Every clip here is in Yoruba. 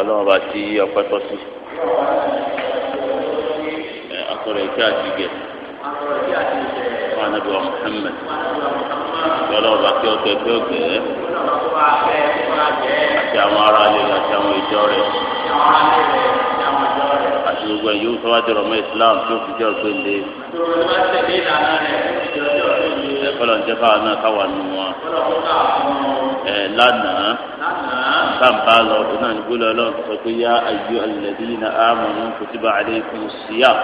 ọlọ́run bá ti ọpẹ́ tọ́ sí àtọ̀rọ̀ ìkẹ́ àti gẹ̀ fún anábì wa Muhammad ọlọ́run bá kí ọkẹ́ pé ọkẹ́ àti àwọn ará ilé rẹ̀ àti àwọn ìjọ rẹ̀ àti gbogbo ẹ̀yọ́ tó mọ́ Islam tó fi jẹ́ ọ̀gbẹ́ lé ẹ̀fọ́ lọ́n fáwọn náà káwọn nù wọn lánàá sábà lọ ọdún náà ní gbólóhùn ọlọ́run sọ pé yá ayé alladhina amanu kutiba alaykum siyam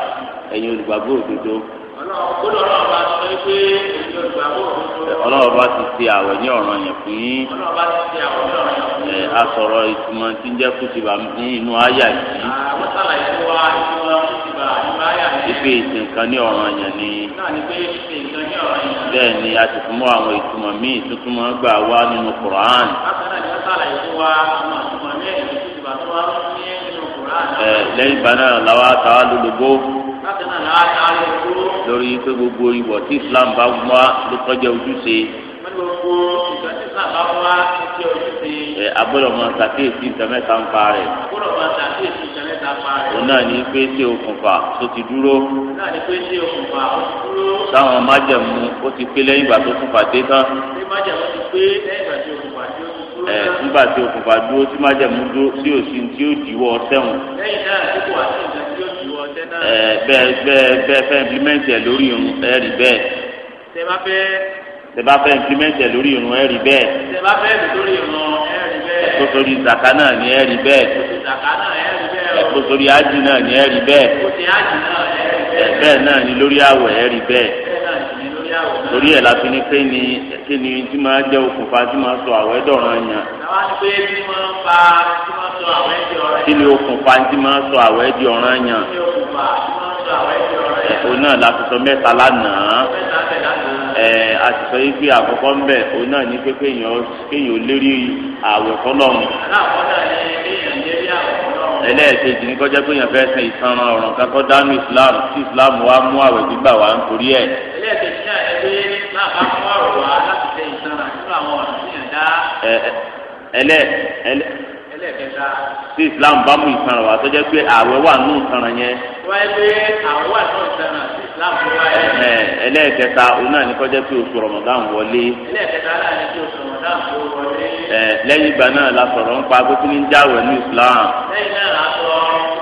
ẹ̀yin olùgbàgbọ́ òdodo. ọlọ́run bá ti ṣe àwẹ̀ ní ọ̀ràn yẹn fún yín. ẹ asọ̀rọ̀ ìtumọ̀ tí ń jẹ́ kutiba ní inú àyà yìí. ìpè ìsìn ní ọ̀ràn yẹn ni. bẹ́ẹ̀ ni a ti fún mọ́ àwọn ìtumọ̀ míì tuntun mọ́ gbà wá nínú Qur'an sàlàyé fún wa àwọn àtúmọ̀ ní ẹ̀yìn tó lẹ́yìn ìgbà náà ta á lórí pé gbogbo ìwọ̀ tí Islam bá wá ló kọjá ojúṣe. gbogbo ìgbà Islam bá wá ló kọjá ojúṣe. ẹ agbọ́dọ̀ máa ṣàkíyèsí nǹkan mẹ́ta ń pa rẹ̀. agbọ́dọ̀ máa ṣàkíyèsí nǹkan mẹ́ta ń pa rẹ̀. òun náà ní pé ṣé okùnfà tó ti dúró. òun táwọn májẹ̀mú ó ti pé lẹ́yìn ìgbà tó kùnfà dé tán ẹ nígbà tí okùnfà dúró tí májẹ̀mú dúró tí o sí tí ó dìwọ́ sẹ́wọ̀n. lẹ́yìn náà dípò àti ìgbà tí ó dìwọ́ ọ̀tẹ́ náà. ẹ bẹ́ẹ̀ bẹ́ẹ̀ bẹ́ẹ̀ fẹ́ implement ẹ̀ lórí irun ẹ rí bẹ́ẹ̀. tẹ bá fẹ́. tẹ bá fẹ́ implement ẹ̀ lórí irun ẹ rí bẹ́ẹ̀. tẹ bá fẹ́ lórí irun ẹ rí bẹ́ẹ̀. ẹ̀kọ́ sórí zaka náà ni ẹ rí bẹ́ẹ̀. ẹ̀kọ́ sórí ájì náà ni ẹ rí bẹ́ẹ̀. bẹ́ẹ̀ náà ni lórí àwẹ̀ ẹ rí bẹ́ẹ̀ torí ẹ̀ la fi ni pé ni kí ni tí máa jẹ́ okùnfà tí máa sọ àwẹ̀ dọ̀ràn yàn. kí ni okùnfà tí máa sọ àwẹ̀ di ọ̀ràn yàn. òun náà la fi sọ mẹ́ta lánàá ẹ̀ a sì sọ yìí pé àkọ́kọ́ ń bẹ̀ òun náà ní pé kéèyàn lérí àwẹ̀ fọlọ́run ẹlẹ́ẹ̀kejì ní kọjá pé yẹn fẹ́ sin ìsanran ọ̀ràn kan tó dánú islam tí islam wa mú àwẹ̀ gbígbà wá ń torí ẹ̀. ẹlẹ́ẹ̀kejì náà ẹ pé máa bá mú àwẹ̀ wá láti tẹ ìsanran nínú àwọn ọ̀ràn tí yẹn dá. ẹ ẹ ẹlẹ́ ẹlẹ́ tí islam bá mú ìtanràn wá tó jẹ́ pé ààwẹ̀ wà nù ìtanràn yẹn. wáyé pé ààwẹ̀ wà nù ìtanràn tí islam mú wáyé. ẹ ẹlẹ́ẹ̀kẹta òun náà ní kọjá pé oṣù rọmọdán wọlé. ẹlẹ́ẹ̀kẹta náà ní kí oṣù rọmọdán wọlé. ẹ lẹ́yìn ìgbà náà la sọ̀rọ̀ nípa pé kí ni ń jáwẹ̀ ní islam. lẹ́yìn náà la sọ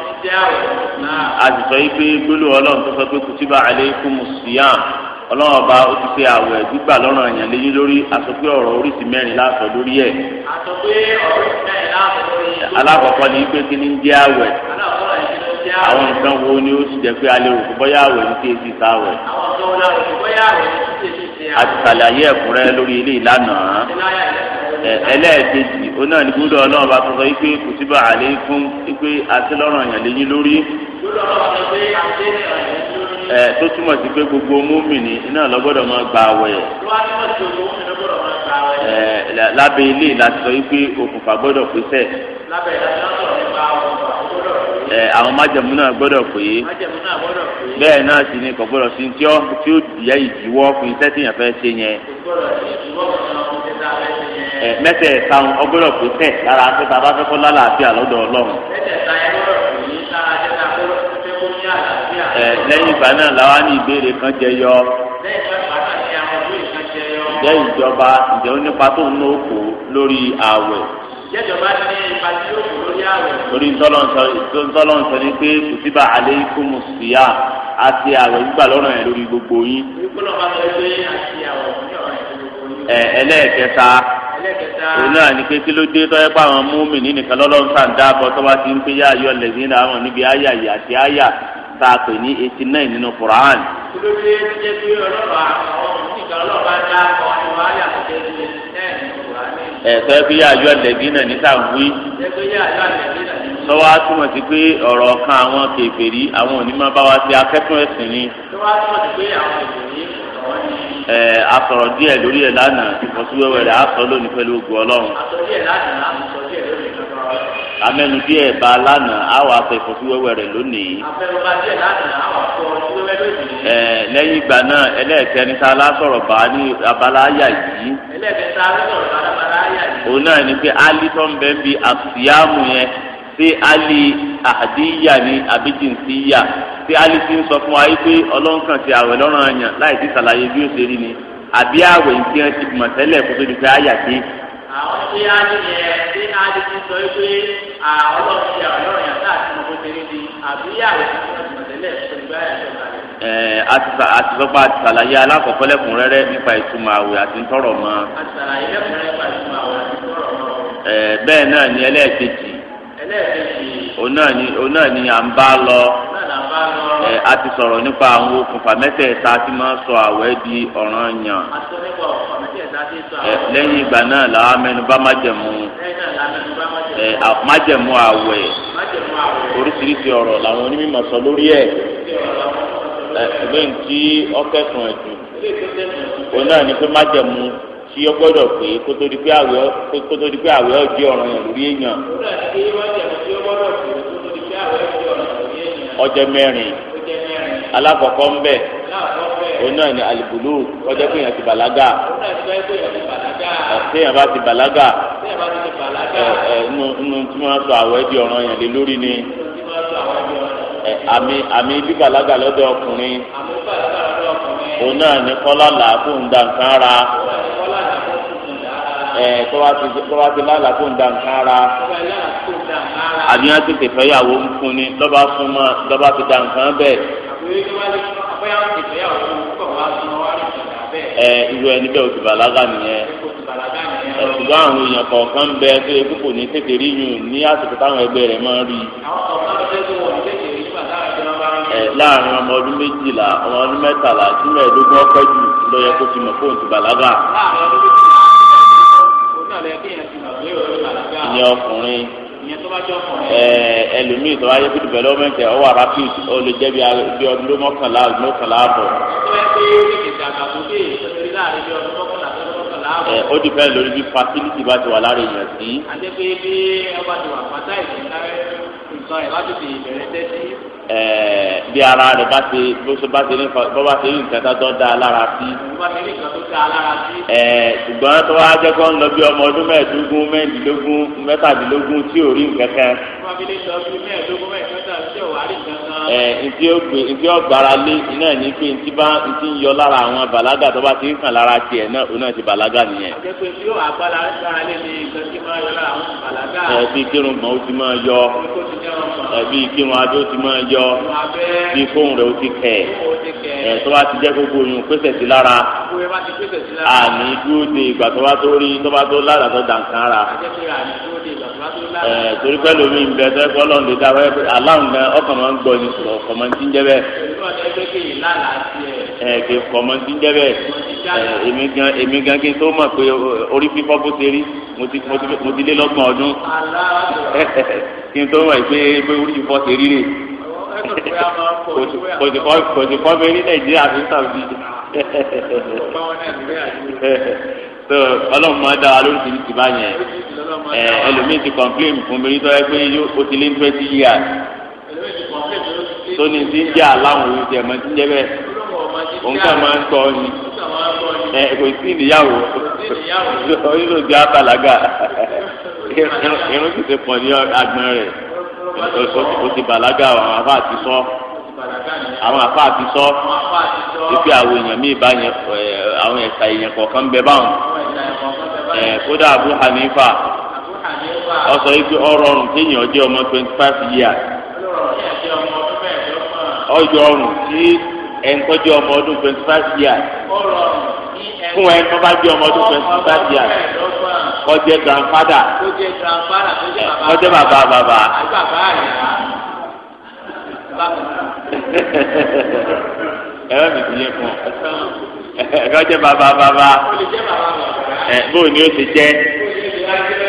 ní jáwẹ̀ ní islam. a sì sọ yìí pé gbólóhùn ọlọ́run tó sọ pé kùtìbà ọlọ́run ọba ó ti ṣe àwẹ̀ gbígbà lọ́rùn èèyàn léyìn lórí àsopé ọ̀rọ̀ oríṣi mẹ́rin láàfọ̀ lórí ẹ̀. àsopé ọ̀rọ̀ oríṣi mẹ́rin láàfọ̀ lórí ẹ̀. alákọ̀ọ́kọ́ ni pé kí ni ń jẹ́ àwẹ̀. àwọn nǹkan wo ni ó sì jẹ́ pé alẹ́ òkú bọ́yá àwẹ̀ ní kéèsì sáwẹ̀. àwọn tó ń lọ òkú bọ́yá àwẹ̀ ní kéèsì sáwẹ̀. àti sàlàyé ẹ̀kúnrẹ́ lórí ilé ìlànà ẹlẹ́ẹ̀kejì ó náà ní gbúdọ̀ ọlọ́run bá tuntun yìí pé kùtìbà àlékún yìí pé àti lọ́rùn èèyàn e, tó túmọ̀ sí pé gbogbo múmìnì iná lọ́gbọ́dọ̀ máa gba àwẹ̀. ẹ lábẹ́ ilé láti sọ wípé òkùnfà gbọ́dọ̀ pèsè. ẹ àwọn májẹ̀mú náà gbọ́dọ̀ pé. bẹ́ẹ̀ náà sì ni kò gbọ́dọ̀ sí tí tí ó yẹ ìdíwọ́ fún iṣẹ́ tí yẹn fẹ́ ṣe yẹn. mẹ́tẹ̀ẹ̀ta ọgbọ́dọ̀ lẹ́yìn ìgbà náà làwọn ní ìbéèrè kan jẹ yọ. ǹjẹ́ ìjọba ǹjẹ́ ó nípa tó ń nókò lórí ààwẹ̀. ìjẹ́jọba ní ipa tí yóò kó lórí ààwẹ̀. lórí ntọ́lọ́nsọ ni pé kùtìbà alaykumu siyam a ti ààwẹ̀ gbígbà lọ́rọ̀ yẹn lórí gbogbo yín. ẹlẹ́ẹ̀kẹta òun náà ni pé kí ló dé tọ́yẹ́ pa àwọn múmi nínìkan lọ́lọ́run sàǹdà bọ́ tọ́wá ti ń pé yá ayọ̀ lẹ́sìn náà àwọn níbi áyà yìí àti áyà tá a pè ní eighty nine nínú Quran. olórí ẹni jẹ́ pé ọlọ́ba àwọn oníkà ọlọ́ba dá ọ àyẹ̀wò ayé àkọ́jẹ́ ti eighty nine nínú Quran. ẹ sọ pé yá ayọ àlẹbí náà ní sàǹwí. ẹ sọ yá ayọ àlẹbí náà ní. sọ wá túmọ̀ sí pé ọ̀rọ̀ kan àwọn kèfèrí àwọn onímọ̀ bá wa ti akẹ́kọ̀ọ́ ẹ̀sìn ni. sọ wá túmọ̀ sí pé àwọn kèfèrí ẹ asọ̀rọ̀ díẹ̀ lórí ẹ lánàá ìfọsíwẹwẹ rẹ asọ lónìí pẹ̀lú ogun Ọlọ́run. asọ díẹ̀ lánàá asọ díẹ̀ lónìí amẹnu díẹ̀ bá lánàá àwọn afẹfọ sí wẹ́wẹ́ rẹ̀ lónìí. afẹfọ bá díẹ̀ lánàá àwọn afọ sí wẹ́wẹ́ lónìí. ẹ lẹ́yìn ìgbà náà ẹlẹ́ẹ̀kẹrin tá a lá sọ̀rọ̀ bá ní abala àyà yìí. ẹlẹ́ẹ̀kẹrin tá a lá sọ̀rọ̀ bá ní abala àyà yìí. òun náà ni pé ali tó ń bẹ ń bi àfìyàmù yẹn ṣé ali àdíyà ni àbí jìnsíyà ṣé ali ti ń sọ fún wa yìí pé ọlọ́nkàn ti àwẹ̀ lọ́rùn àyàn láì ti ṣàlàyé bí ó ṣe rí ni àbí àwẹ̀ ìṣe Eh, adé ti sọ pé ọlọ́run ṣe ọlọ́run yàtọ̀ àti ọmọ tẹ̀lé di àbí àyè ìmọ̀tẹ́lẹ̀ ṣùgbọ́n àyè ìjọba. àtisọ́pá àti sàlàyé alákọ̀ọ́kọ́ lẹ́kùnrẹ́rẹ́ nípa ìtumọ̀ àwẹ̀ àti ntọ́rọ̀ mọ́. àtisàlàyé lẹ́kùnrẹ́rẹ́ nípa ìtumọ̀ àwẹ̀ àti ntọ́rọ̀ mọ́. bẹ́ẹ̀ náà ni ẹlẹ́ẹ̀kejì. ẹlẹ́ẹ̀kejì. òun náà ni à ń bá lọ ẹ a ti sọ̀rọ̀ nípa àwọn okùnfà mẹ́tẹ̀ẹ̀ta tí máa sọ àwẹ̀ di ọ̀ranyàn. ẹ lẹ́yìn ìgbà náà làá mẹ́nubà májẹ̀mú ẹ májẹ̀mú àwẹ̀ oríṣiríṣi ọ̀rọ̀ làwọn onímọ̀ sọ lórí ẹ̀ ẹ ṣùgbọ́n tí ọkẹ́sùn ẹ̀dùn òun náà ni pé májẹ̀mú tí ó gbọ́dọ̀ pé kó tó di pé àwẹ̀ kó tó di lórí èèyàn. ọjọ mẹrin alakọkọ ńbẹ ona ni alibulu ọjọ́ pé yẹn ti bàlágà ẹsẹ yẹn bá ti bàlágà ẹ ẹ nu tí ẹbí yẹn lórí ni àmì àmì bíbàlágà lọ́dọ̀ ọkùnrin ona ni kọlá làákùn ẹ tọ́wá ti lálà tó ń da nǹkan ara àbí wọn ti tẹ̀fẹ́ yàwó ń fún ni lọ́ba fún ma lọ́ba ti da nǹkan bẹ́ẹ̀. ẹ irú ẹni bẹ́ẹ̀ o ti bàlágà nìyẹn ṣùgbọ́n àwọn èèyàn kọ̀ọ̀kan bẹ tó yẹ kó kò ní tètè rí yùn ní àsìkò táwọn ẹgbẹ́ rẹ̀ máa ń rí i láàrin ọmọ ọdún méjìlá ọmọ ọdún mẹ́tàlá sí mẹ́ẹ̀ẹ́dógún ọpẹ́ jù ló yẹ kó ti mọ̀ fóun ti bàlágà ìyẹn ọkùnrin ẹlòmíì tó wáyé bíi development ẹ ọwọ rapid ó lè jẹ bíi ọdún ló mọ́kànlá ọdún mọ́kànlá àbọ̀. ẹ ó dìbẹ́ lórí bí fertility bá ti wà lára èèyàn sí. àti pé bí ọba ti wà pátá ìdílé rẹ nǹkan ẹ̀ láti fi ìbẹ̀rẹ̀ tẹ́sí. ẹ̀ẹ́ bí ara rẹ̀ bá ṣe bó ṣe bá ṣe ní bó bá ṣe ní nǹkan tó dáa lára sí. bó bá ṣe ní nǹkan tó dáa lára sí. ẹ̀ẹ́ ṣùgbọ́n tó wá jẹ́ kó ń lọ bí ọmọ ọdún mẹ́ẹ̀ẹ́dógún mẹ́ẹ̀ẹ́dógún mẹ́tàdínlógún tí ò rí nǹkan kan. bó ntí ó gbé ntí ó gbára lé iná ní pé ntí bá ntí ń yọ lára àwọn bàlágà tó bá ti ń kàn lára tiẹ̀ náà òun náà ti bàlágà nìyẹn. àjẹpẹ́ tí ó àgbára gbára lé ní nǹkan ẹbí kírun mọ́ ó ti máa yọ ẹbí kírun adé ó ti máa yọ bí fóun rẹ̀ ó ti kẹ̀ ẹ̀ tó bá ti jẹ́ gbogbo oyún pèsè sí lára àní dúró ìgbà tó bá tó rí tó bá tó lára tó dàǹkan ra ẹ̀ torí pẹ́ lómi ń tó ẹ̀kọ́ lọ́nà tó dáa aláwọ̀ ọkàn máa ń gbọ́ ni ọkàn máa ń ti ń jẹ́ bẹ́ẹ̀ ẹ̀ẹ́dẹ̀ kọ̀mọ́tì jẹ́bẹ̀ èmi gan èmi gan kí n tó mọ̀ pé orí fífọ́ bó ṣe rí mo ti lé lọ́gbọ̀n ọdún kí n tó mọ̀ pé orí fífọ́ ṣe rí rè kò sì kọ́ mi rí nàìjíríà fi sàbí. ọlọ́run máa dára lórí ti ti bá yẹn ẹlòmíì ti complain fún mi nítorí pé ó ti lé twenty years tó ní ti ń jẹ́ àláwọ̀ oúnjẹ mọ́ ti ń jẹ́ bẹ́ẹ̀. òǹkà máa ń tọ́ ni ẹ kò sí ìníyàwó ha àtàlágà irun sì ti pọ̀ ní agbọ̀n rẹ̀ o ti bàlágà àwọn afá àti sọ́ àwọn afá àti sọ́ ipe àwọn èèyàn míì bá yẹn àwọn ẹ̀ka èèyàn kọ̀ọ̀kan bẹ báwọn kódà Abu Hanifa ọsọ ife ọrọrùn kéèyàn jẹ́ ọmọ twenty five years ọjọ́ ọrùn ẹnkọjú ọmọ ọdún twenty five years fún ẹ tó bá jẹ ọmọ ọdún twenty five years kọjẹ grandfada kọjẹ bàbá bàbá ẹ̀rọ mi ti yẹ fún ọ kọjẹ bàbá bàbá ẹ bóò ni ó ti jẹ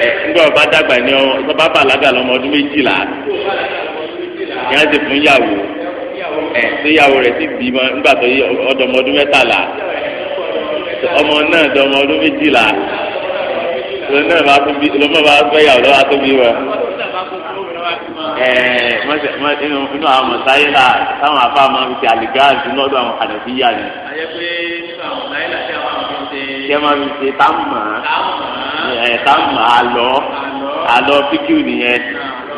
ẹ ńgbà ọba dàgbà ni ọ bàbá bàlágà lọmọ ọdún méjìlá yẹn ti fún yàwó ẹ̀ síyàwó rẹ̀ sì bímọ nígbà tó yẹ ọdọmọ ọdún mẹ́tàlá ọmọ náà dọmọ ọdún méjìlá lọ́nà náà bá tún bí lọ́mọ bá fẹ́ yàwó lọ́wọ́ tó bí wọn. ẹ̀ẹ́ inú àwọn mọ̀sáyélà táwọn afá máa fi ṣe àlìgáàsì lọ́dọ̀ àwọn àdàbíyà ni. ayé pé nínú àwọn mọ̀sáyélà tí àwọn máa fi ṣe. kí ẹ máa fi ṣe táàmù mọ́ táàmù mọ́ àlọ́ àlọ́ fíkìú nìyẹn.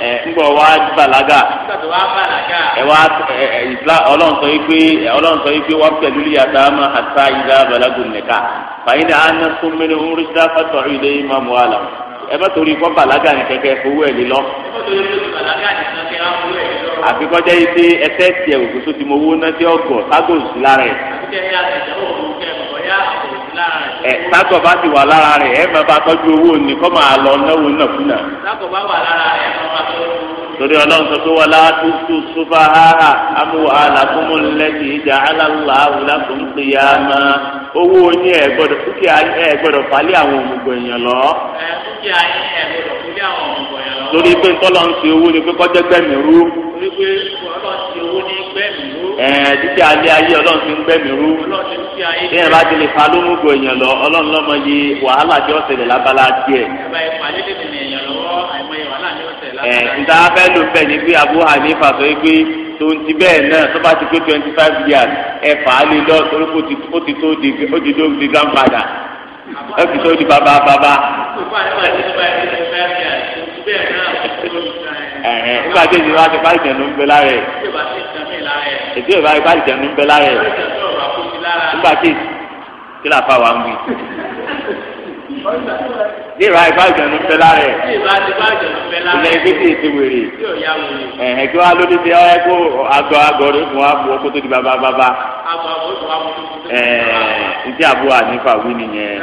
ẹ eh, ńgbọ wa balaga ẹ wa ẹ ìfla eh, eh, ọlọ́run sọ yìí pé ọlọ́run yìí pé wọ́n pẹ̀lú ìyá tá a máa hàtà balagun nìka fàyínà àná súnmẹ́ni orí dáfà tọ̀rọ̀ ilé ìmọ̀ mọ́ àlà ẹ bá torí kọ́ balaga ní kẹ́kẹ́ fowó ẹ̀ lílọ. àbíkọ́jẹ́ yìí pé ẹsẹ̀ tiẹ̀ òkú ti mọ owó náà lára ẹ̀. ẹ sátọ̀ bá ti wà lára rẹ̀ ẹ máa bá owó ni kọ́ máa lọ náwó nàkúnà. sátọ̀ bá wà lára rẹ̀ ẹ máa tọ́jú torí ọlọ́run sọ pé wọlá tútù súpà háhà amúhà làkúmù ìjà owó ẹ ẹ lọ. ẹ ẹ falẹ àwọn lọ. pé owó ni pé ẹ̀ẹ́n títí alẹ́ ayé ọlọ́run ti ń gbẹ́mí rú bí ẹ bá ti lè fa lómùgò èèyàn lọ ọlọ́run lọ́mọ yí wàhálà tí ó ṣẹlẹ̀ lábala díẹ̀. ẹ̀ ǹda fẹ́ ló fẹ́ ní pé Abu Hanifa sọ pé tó ń ti bẹ́ẹ̀ náà tó bá ti pé twenty five years ẹ fà á lè lọ torí kò ti tó di ó ti tó di grandfather ó ti tó di bàbá bàbá nígbà tí èyí wá ti bá ìtẹ̀nu ń bẹ lára ẹ̀ èdè ìbá ìbá ìjẹun ń bẹ lára ẹ̀ nígbà tí kí làá fà wá ń wí bí ìrà ìbá ìjọ̀nù fẹ́ lára ẹ̀. bí ìrà ìbá ìjọ̀nù fẹ́ lára ẹ̀. ilẹ̀ ibi tí èsì wèrè. tí ò yá wèrè. ẹ̀hẹ̀ kí wàá lóde ti ọ̀rẹ́ kó àgọ́ àgọ́ rẹ̀ fún wa bu ọkọ̀ tó di bàbá bàbá. àgọ́ àgọ́ ìfọ̀ àwọn tó kú. ẹ̀ẹ́ ntí àbúrò ànífà wí nìyẹn.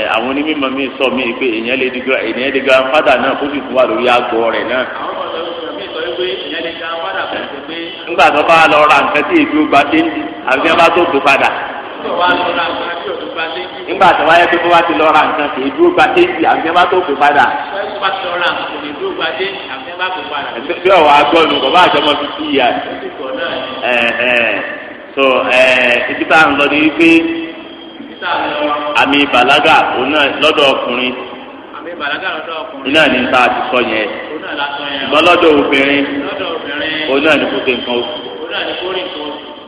ẹ̀ àwọn onímọ̀ mi sọ mí pé èèyàn lè di grandfather náà kó sì fún wa lórí àgọ́ rẹ̀ náà. àwọn nígbà tó bá lọ ra nǹkan tí èdè ó gba dé àbí ẹ bá tó tó padà. nígbà tí wọ́n yẹ pé wọ́n ti lọ ra nǹkan kì í dúró gba déjì àbí wọ́n tó pè padà. bí ọ̀wọ́ agbọ́nu kò àjọmọ́ kí so ibi tá à ń lọ ni wípé àmì ìbàlágà òun náà lọ́dọ̀ ọkùnrin iná ní ti sọ yẹn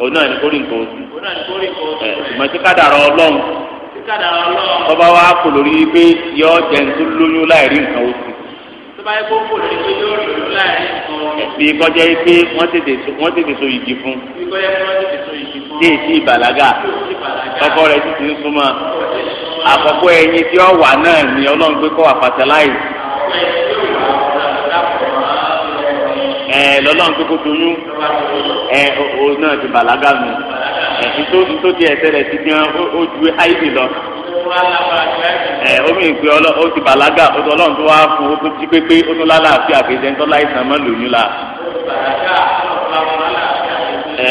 òun náà ní kó rí nǹkan oṣù. òun náà ní kó rí nǹkan oṣù. ẹ ṣùgbọ́n tí kádàrá ọlọ́run. tí kádàrá ọlọ́run. tọ́ba wa kò lórí pé yọ jẹ́ ń tó lóyún láì rí nǹkan oṣù. tọ́ba yẹ kó kò lórí pé yọ lóyún láì rí nǹkan oṣù. ẹ̀sìn ìkọjẹ́ pé wọ́n tètè so ìdí fún. ìkọjẹ́ pé wọ́n tètè so ìdí fún. déètì ìbàlágà ọkọ rẹ̀ ti ti ń súnmọ́ àkọ́kọ́ ẹyin tí ó wà náà ni ọlọ́run ẹ lọ́lọ́run tó kó tóyún ẹ o náà ti bàlágà nù ẹ ntó ti ẹsẹ̀ rẹ̀ ti gan ó ju áìdì lọ ẹ omi ìpè ó ti bàlágà ó tó ọlọ́run tó wá fún o tó jí pépé ó tó lálàáfíà àgbẹ̀jẹ̀ ńtọ́ láìsàn mọ́ lòyún la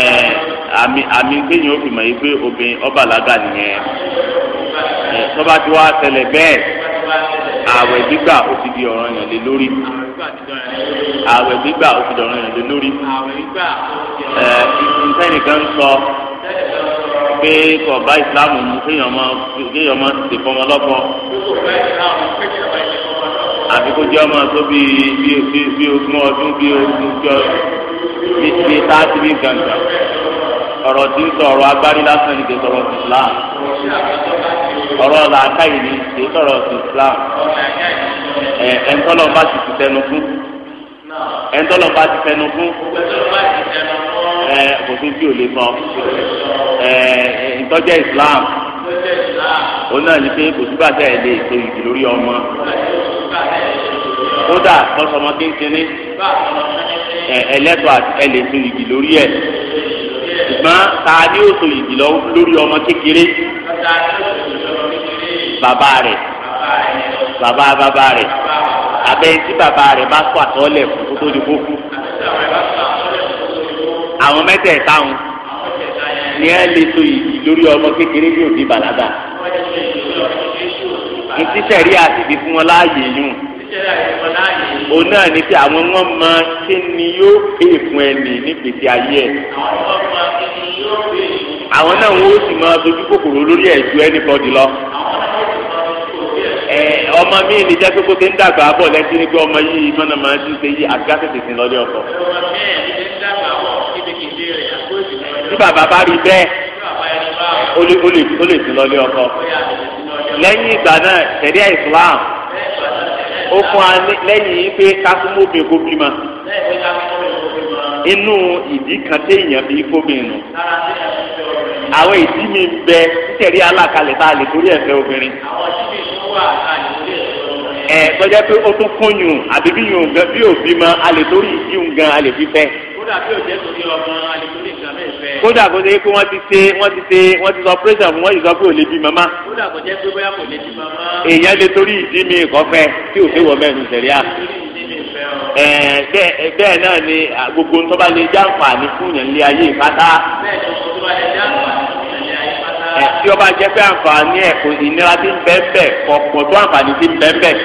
ẹ àmì àmì gbẹ̀yìn ó fi mọ̀ yìí pé obìnrin ó bàlágà nìyẹn ẹ tọ́ba ti wá tẹlẹ̀ bẹ́ẹ̀ ààwẹ̀ gbígbà ó ti di ọ̀ràn yàn lé lórí. ààwẹ̀ gbígbà ó ti di ọ̀ràn yàn lé lórí. ẹ ìfúnfẹ́nìkan sọ pé kọ̀ọ̀bá ìsìláàmù mú kéèyàn máa kéèyàn máa ṣe fọmọ lọ́pọ̀. àfi kó jẹ́ ọmọ tó bí bí ogún ọdún bí ogún jọ bí ti táàtì bí gàngàn ọ̀rọ̀ tí ń sọ ọ̀rọ̀ agbárí lásán ni kò sọ̀rọ̀ ìsìláàmù ọ̀rọ̀ làákà yìí kì í sọ̀rọ̀ sí Islam ẹ̀ ẹ̀ńtọ́lọ́ bá ti ti tẹnu fún ẹ̀ńtọ́lọ́ bá ti tẹnu fún ẹ̀ kò sí bí ò lè sọ ẹ̀ ìtọ́jẹ́ Islam òun náà ní pé kò sígbà tẹ̀ lè so ìdì lórí ọmọ kódà kọ́sọmọ kínkínní ẹlẹ́tọ̀ ẹlẹ́ so ìdì lórí ẹ̀ ṣùgbọ́n ta ni ó so ìdì lórí ọmọ kékeré bàbá rẹ̀ bàbá bàbá rẹ̀ abẹ́ tí bàbá rẹ̀ bá kó àtọ́lẹ̀ fún tó di kókó. àwọn mẹ́tẹ̀ẹ̀ta wọn ni ẹ lè so yìí lórí ọmọ kékeré ní òbí bàlágà. ntí sẹ̀rí àti ibi fún wọn láàyè yún. òun náà ní pé àwọn wọn mọ kí ni yóò pè fún ẹnì nígbèsè ayé ẹ. àwọn náà wọn ó sì mọ dojú kòkòrò lórí ẹ̀ ju ẹnìbọdì lọ. ọmọ mi ní jẹ́ kókó tí ń dàgbà bọ̀ lẹ́sí ní pé ọmọ yìí mọ́nà máa ń ṣe ọkọ. tí bàbá bá rí bẹ́ẹ̀ ó lè sí ọkọ. lẹ́yìn ìgbà náà tẹ̀lé Islam ó fún wa lẹ́yìn pé bímọ. inú ìdí kan bí àwọn ìdí mi bẹ alákalẹ̀ a lè torí ẹ̀fẹ́ obìnrin. àwọn ẹ gbọ́dọ̀ pé ó tún kún yùn àbí bí yùn gan bí òbí ma a lè lórí yùn gan a lè fi fẹ́. kódà bí òjẹ́ torí ọmọ a lè lórí nǹkan mẹ́rin fẹ́. kódà kó ṣe pé wọ́n ti ṣe wọ́n ti ṣe wọ́n ti sọ pírẹ́sà fún wọ́n ti sọ pé ò lè bí màmá. kódà kó jẹ́ pé bóyá kò lè bí màmá. èèyàn lè torí ìdí mi kọfẹ tí ò wọ mẹ́rin sẹ̀rí à. bẹ́ẹ̀ náà ni gbogbo ntọ́ba ẹ tí ọba jẹ́ pé àǹfààní ẹ kò ìnira ti ń bẹ́ẹ̀ bẹ́ẹ̀ kọ pọ̀ tó àǹfààní ti ń bẹ́ẹ̀ bẹ́ẹ̀.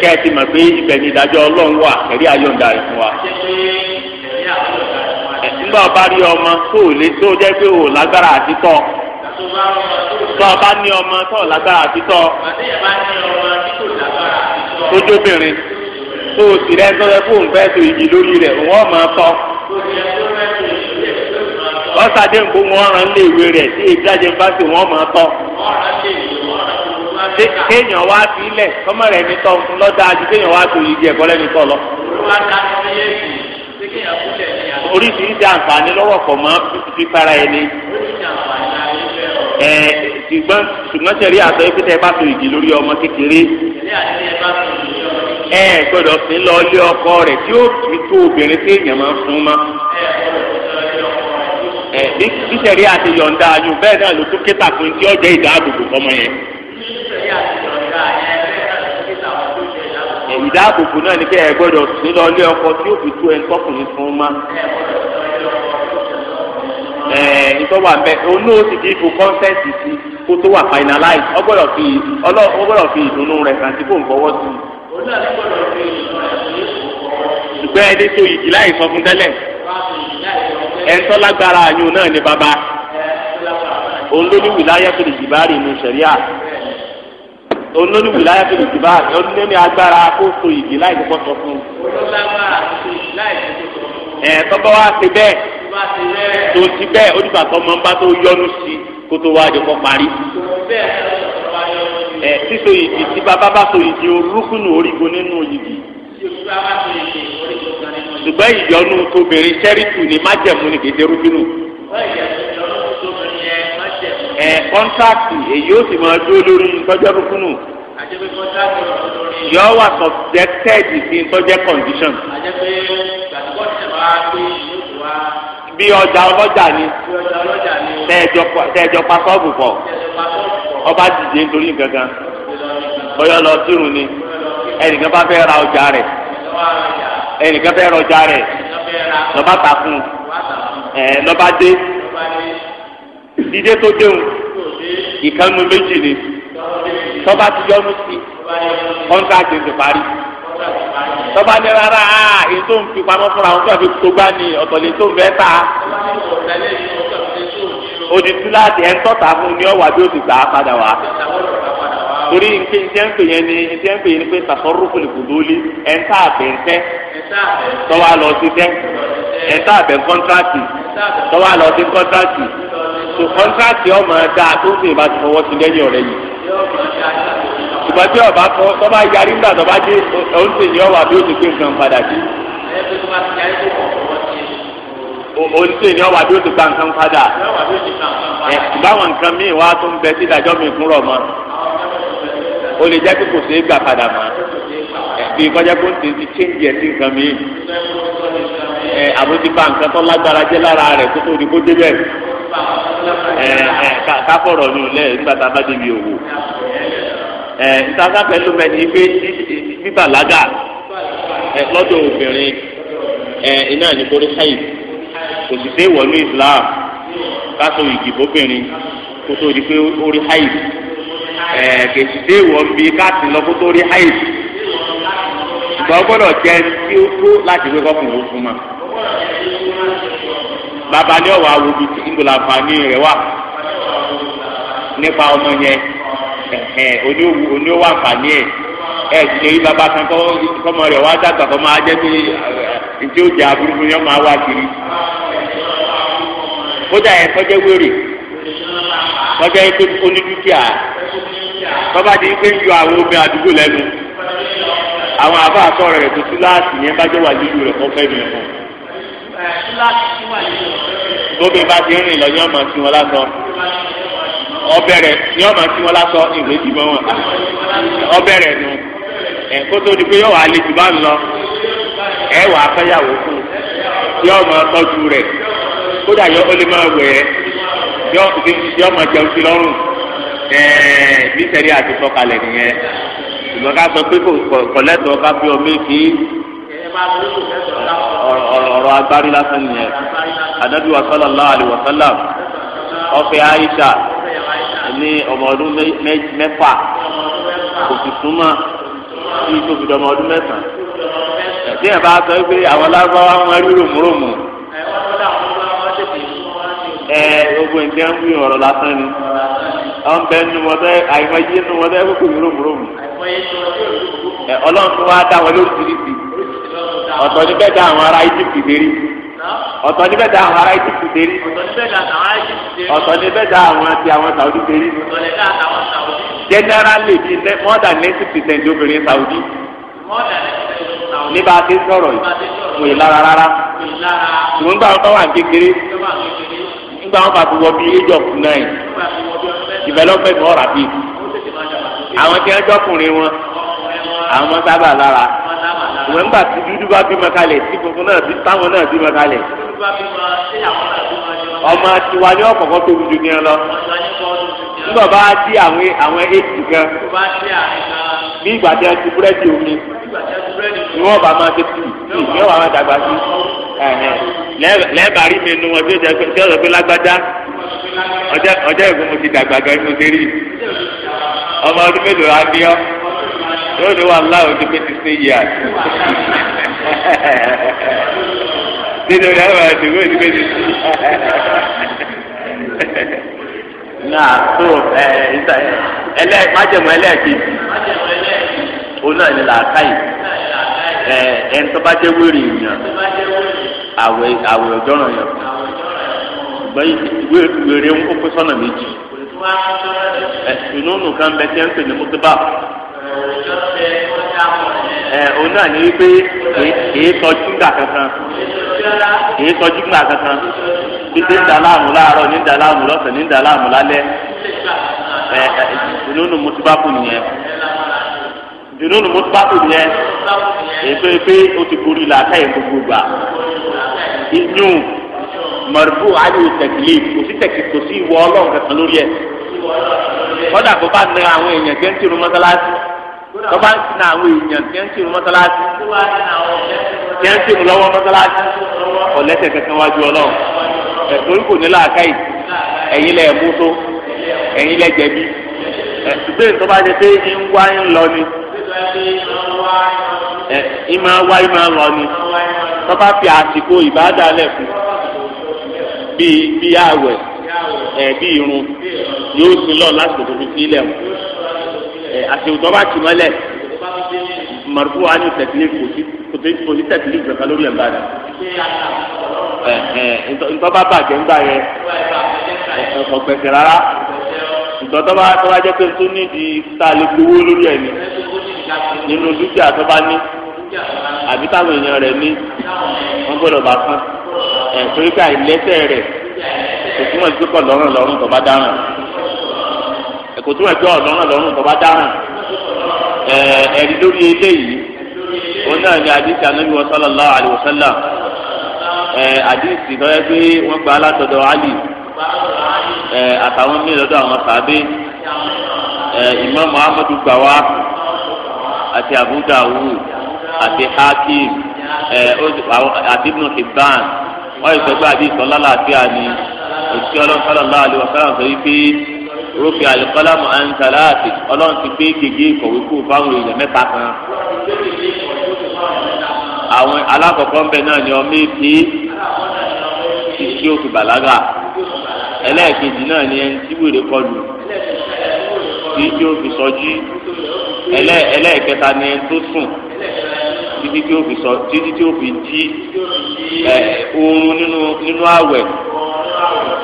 kẹ́ ẹ ti mọ̀ pé ibẹ̀ ni ìdájọ́ ọlọ́run wà ẹ̀rí ayọ̀ǹda rẹ̀ fún wa. nígbà ọba rí ọmọ tó lè tó jẹ́ pé ò lágbára àti tọ́ tó ọba ní ọmọ tó lágbára àti tọ́ tó jóbìnrin sì rẹ́ tó yẹ kó ń fẹ́ so lórí rẹ̀ òun ọ̀ máa tọ́ ọ̀sàdé nǹkó wọn ràn lé ìwé rẹ̀ sí ìdájẹ́ yunifásitì wọn mọ̀ ọ́ tọ́. kéèyàn wá sí ilẹ̀ kọ́mọ rẹ̀ ní tọ́ lọ́dà àti kéèyàn wá tó yigi ẹ̀kọ́ lẹ́ni tọ́ lọ. oríṣiríṣi àǹfààní lọ́wọ́ pọ̀ mọ́ fífara ẹni. ẹ ṣùgbọ́n ṣùgbọ́n sẹ́rí àtọ́ yìí pété bá tó yigi lórí ọmọ kékeré. ẹ gbọ́dọ̀ sí lọ ilé ọkọ rẹ̀ tí ó fi obìnrin téèyàn máa fún mọ́. ẹ nítorí àti yọ̀ǹda ayò bẹ́ẹ̀ náà ló tún kíta fún tí ọjọ́ ìdáàbòbò fọmọ yẹn. ìdáàbòbò náà ni kí ẹ gbọ́dọ̀ sí lọ ilé ọkọ tí ó fi tú ẹ tọkùnrin fún ẹ kó tó wà finalize ọ fi ọ gbọ́dọ̀ fi ìdùnnú rẹ̀ kàn sí kó ń ẹ̀ńtọ́ lágbára àyùn náà ni bàbá òun ló ní wìláyà tó lè jìbá rí inú sẹ̀ríà òun ló ní wìláyà tó lè jìbá òun ló ní agbára kó so ìdí láì tó kọ́tọ̀ fún un. ẹ̀ẹ́dọ́ bá wá ti bẹ́ẹ̀ tó ti bẹ́ẹ̀ ó dìgbà tó máa ń bá tó yọnu sí kó tó wá jọ kọ́ parí. ẹ̀ síso ìdí tí bàbá bá so ìdí orúkúnù orígun nínú ìdí. ṣùgbọ́n ìyọnu tóbìnrin cheri ni májẹ̀mú ni kìí ṣe rúbínú. ẹ èyí ó sì máa dúró lórí yọ wà sí bí ọjà ọlọ́jà ni tẹ́ẹ̀jọ ọba dìde nítorí bọ́yọ̀ lọ sírun ni ẹnìkan bá fẹ́ ra ọjà rẹ̀. ẹnìkan fẹ́ rọjà rẹ̀ lọ́ba ta fún ẹ lọ́ba dé dídé tó déhùn ìkànnì méjì ni tọ́ba ti yọnu sí kọ́ńtàkì ti parí tọ́ba ní rárá èyí tó ń fi pamọ́ fúnra wọn tó àfi tó gbá ní ọ̀tọ̀lẹ̀ tó ń fẹ́ ta odi ẹ̀ ń tọ́ta fún ni ọ̀wà bí ó ti gbà á padà wá torí nke ntẹ́npé yẹn ni ntẹ́npé yẹn ni pé tasọ́rọ́ fòlìfòdólì ẹ̀ńtà àbẹ̀ntẹ́ tọ́wọ́ lọ sí tẹ́ ẹ̀ńtà àbẹ̀ kọ́ntrákì tọ́wọ́ lọ sí kọ́ntrákì tó kọ́ntrákì ọmọ ẹ̀dá tó ń sèba tó fọwọ́ sí lẹ́yìn ọ̀rẹ́ yìí ṣùgbọ́n tí ọba kọ́ tọ́ba yarí ńgbà tọ́ba dé òun sì ní ọwà bí ó ti pé nǹkan padà sí oníṣẹ́ ni ọba bí ó ti gba nǹkan padà ẹ̀ nǹkan míì wá tó ń bẹ sí ìdájọ́ mi kúrọ̀ mọ́ ó lè jẹ́ pé kò sí gbà padà mọ́ bí kọjá kó ń tẹ̀ ti chéńjì ẹ̀ sí nǹkan mi ẹ̀ àbójúbá nǹkan tó lágbára jẹ́ lára rẹ̀ kó tó di kó débẹ̀ ẹ̀ ẹ̀ káfọ̀rọ̀ nù lẹ̀ nígbà tá a bá débi òwò ẹ̀ ìtajà pẹ̀lú mẹ́ni pé bíbàlágà ẹ̀ lọ́dọ̀ obìnrin ẹ̀ iná ní kórí sáyì kò sì dé wọ̀lú Islam ká so ìgì fóbìnrin kó tó di pé ó rí háyì. ẹ̀ kèsìdé wọ̀ ń bi káàtì lọ́kó tó rí àyè ṣùgbọ́n gbọ́dọ̀ jẹ́ tí ó tó láti fún ma. bàbá ni ọ̀wọ́ awobi tí ń gbọ́dọ̀ àǹfààní rẹ̀ wà nípa ọmọ yẹn oníwó àǹfààní ẹ̀ ẹ̀ ti lè rí bàbá kan kọ́mọ rẹ̀ wá dàgbà pé yẹn máa wá kiri kódà ẹ̀ bàbá di pé ń yọ àwọn omi àdúgbò lẹ́nu àwọn àbá àtọ́rọ̀ rẹ̀ tó túláàsì yẹn bá jẹ́ wà lílu rẹ̀ kọ́ fẹ́ mi fún. tóbi bá ti rìn lọ ní ọmọ tí wọn lásán ọbẹ̀ rẹ̀ ní ọmọ tí wọn lásán ìwé ti mọ́ wọn ọbẹ̀ rẹ̀ nu ẹ̀ kó tó di pé yóò wá lè jù bá ń lọ ẹ̀ wà á fẹ́yàwó fún yọ ọmọ tọ́jú rẹ̀ kódà yọ ó lè máa wẹ̀ ẹ́ yọ ọmọ jẹun sí lọ́rùn ẹ̀ẹ́ bí sẹ́rí àti sọ́kalẹ̀ nìyẹn ṣùgbọ́n ká sọ pé kọ̀lẹ́tọ̀ ká fi ọmọ èkì ọ̀rọ̀ agbárí lásán nìyẹn anabi sallallahu alaihi wasallam ọ̀fẹ́ Aisha ní ọmọ ọdún mẹ́fà kò sì súnmọ́ sí tóbi ọmọ ọdún mẹ́sàn-án ẹ̀sìn ẹ̀ bá sọ pé àwọn lárúbáwá wọn rí ròmùròmù ẹ̀ gbogbo nǹkan ń wí ọ̀rọ̀ lásán ni ọ̀n bẹ́ẹ̀ nu wọn bẹ́ẹ̀ àìmọ̀ iye nu wọn bẹ́ẹ̀ kókò yìí rómùrómù. ọlọ́run tó wá dá wọn lóríṣiríṣi ọ̀tọ̀ níbẹ̀ dá àwọn ará egypt lérí ọ̀tọ̀ níbẹ̀ dá àwọn ará egypt lérí ọ̀tọ̀ níbẹ̀ dá àwọn ti àwọn saudi lérí generally bi more than ninety percent obìnrin saudi ní bá a ti sọ̀rọ̀ yìí kò yìí lára rárá ṣùgbọ́n gbà wọn bá wà kékeré nígbà wọn bá ti wọ bí age of nine development wọ́n rà bí. àwọn tí wọ́n jọkùnrin wọn àwọn sábà lára wọ́n gbà tí dúdú bá bímọ kalẹ̀ tí funfun náà bí táwọn náà bímọ kalẹ̀. ọmọ tiwa ni ọ̀kọ̀ọ̀kọ̀ tóbi ju kí n lọ nígbà bá di àwọn àwọn éèdì gan bí ìgbà tí a ti búrẹ́dì omi ni wọ́n bá máa ti tì tì ní ọ̀bà máa dàgbà sí lẹ́ẹ̀bà rí mi nu wọn tí ó jẹ́ pé lágbájá. ọjọ́ ọjọ́ ìgbó mo ti dàgbà gan ọmọ ọdún mélòó ọ yóò ní wà láwọn ọdún méjì sí yíyà nínú rẹ wà dùgbò ọdún méjì sí náà tó ẹ ẹlẹ́ẹ̀kejì òun náà ni ṣùgbọ́n ìwé wèrè ń kókó sọ́nà méjì. ìnú nìkan bẹ tẹ́ ń pè ní mọ́tòbá. òun náà ní wípé èyí tọ́jú gbà kankan èyí tọ́jú gbà kankan bí ti ń da láàmú láàárọ̀ ní ń da láàmú lọ́sàn-án ní ń da láàmú lálẹ́ ìnú nù mọ́tòbá kù nìyẹn ìnú nù mọ́tòbá kù nìyẹn èyí pé o ti borí làákàyè gbogbo gbà. ìyún mọ̀rùbù ayò tẹ̀kílì kò sí tẹ̀kí kò sí ìwọ ọlọ́run kankan lórí ẹ̀ kọ́dà kó bá nira àwọn èèyàn jẹ́ ń tìrú mọ́sálásí tó bá ń sin àwọn èèyàn jẹ́ ń tìrú mọ́sálásí jẹ́ ń tìrú lọ́wọ́ mọ́sálásí ọ̀lẹ́sẹ̀ kankan wájú ọlọ́run ẹ̀sọ́rí kò ní làákàyè ẹ̀yin lẹ̀ mú tó ẹ̀yin lẹ̀ jẹ̀bi tó bá jẹ pé ń wá ń lọ ni ìmọ̀ wá ìmọ̀ lọ ni tó bá fi àsìkò ìbádàá lẹ̀ fún un. bíi bíi àwẹ̀ ẹ̀ bíi irun yóò sin lọ lásìkò tó fi sílẹ̀ o ẹ̀ àti bá tì mọ́lẹ̀ mọ̀rùkú wa ní tẹ̀sílẹ̀ kò sí tẹ̀sílẹ̀ lórí ẹ̀ ẹ̀ ẹ̀ ntọ́ bá bàjẹ́ ńgbà yẹn rárá ntọ́ bá bá jẹ́ pé tó ní di gbowó ẹ̀ torí ká ìlẹ́sẹ̀ rẹ̀ kò túmọ̀ sí kọ̀ lọ́rùn lọ́rùn tó bá dáràn kò túmọ̀ sí kọ̀ lọ́rùn lọ́rùn tó bá dáràn ẹ̀rí lórí eléyìí òun náà ni àdìsí anábì wọn sallallahu alaihi wasallam àdìsí lọ́yẹ́ pé wọ́n gba alátọ̀dọ̀ Àlì àtàwọn míì lọ́dọ̀ àwọn sàábé Imam Muhammadu gbà wá àti Abu Dawud àti Hakim àti Ibn Hibban wọ́n yìí sọ́gbà àbí ìsọ̀lá làáfíà ni òsì ọlọ́sọ̀lá lọ́wọ́ àlè wọ́sọ̀lá sọ wípé rúfin àlùkọ́lámù àǹtàláàtì ọlọ́run ti gbé gègé ìkọ̀wé kú fáwọn èèyàn mẹ́ta kan. àwọn alákọ̀ọ́kọ́ ń bẹ náà ni ọmọ èké tí ó fi bàlágà ẹlẹ́ẹ̀kejì náà ni ẹni tí wèrè kọlù tí ó sọjí ẹlẹ́ẹ̀kẹta ni ẹni tó sùn títí tí ó fi sọ títí tí ó fi di ẹ oorun nínú nínú àwẹ̀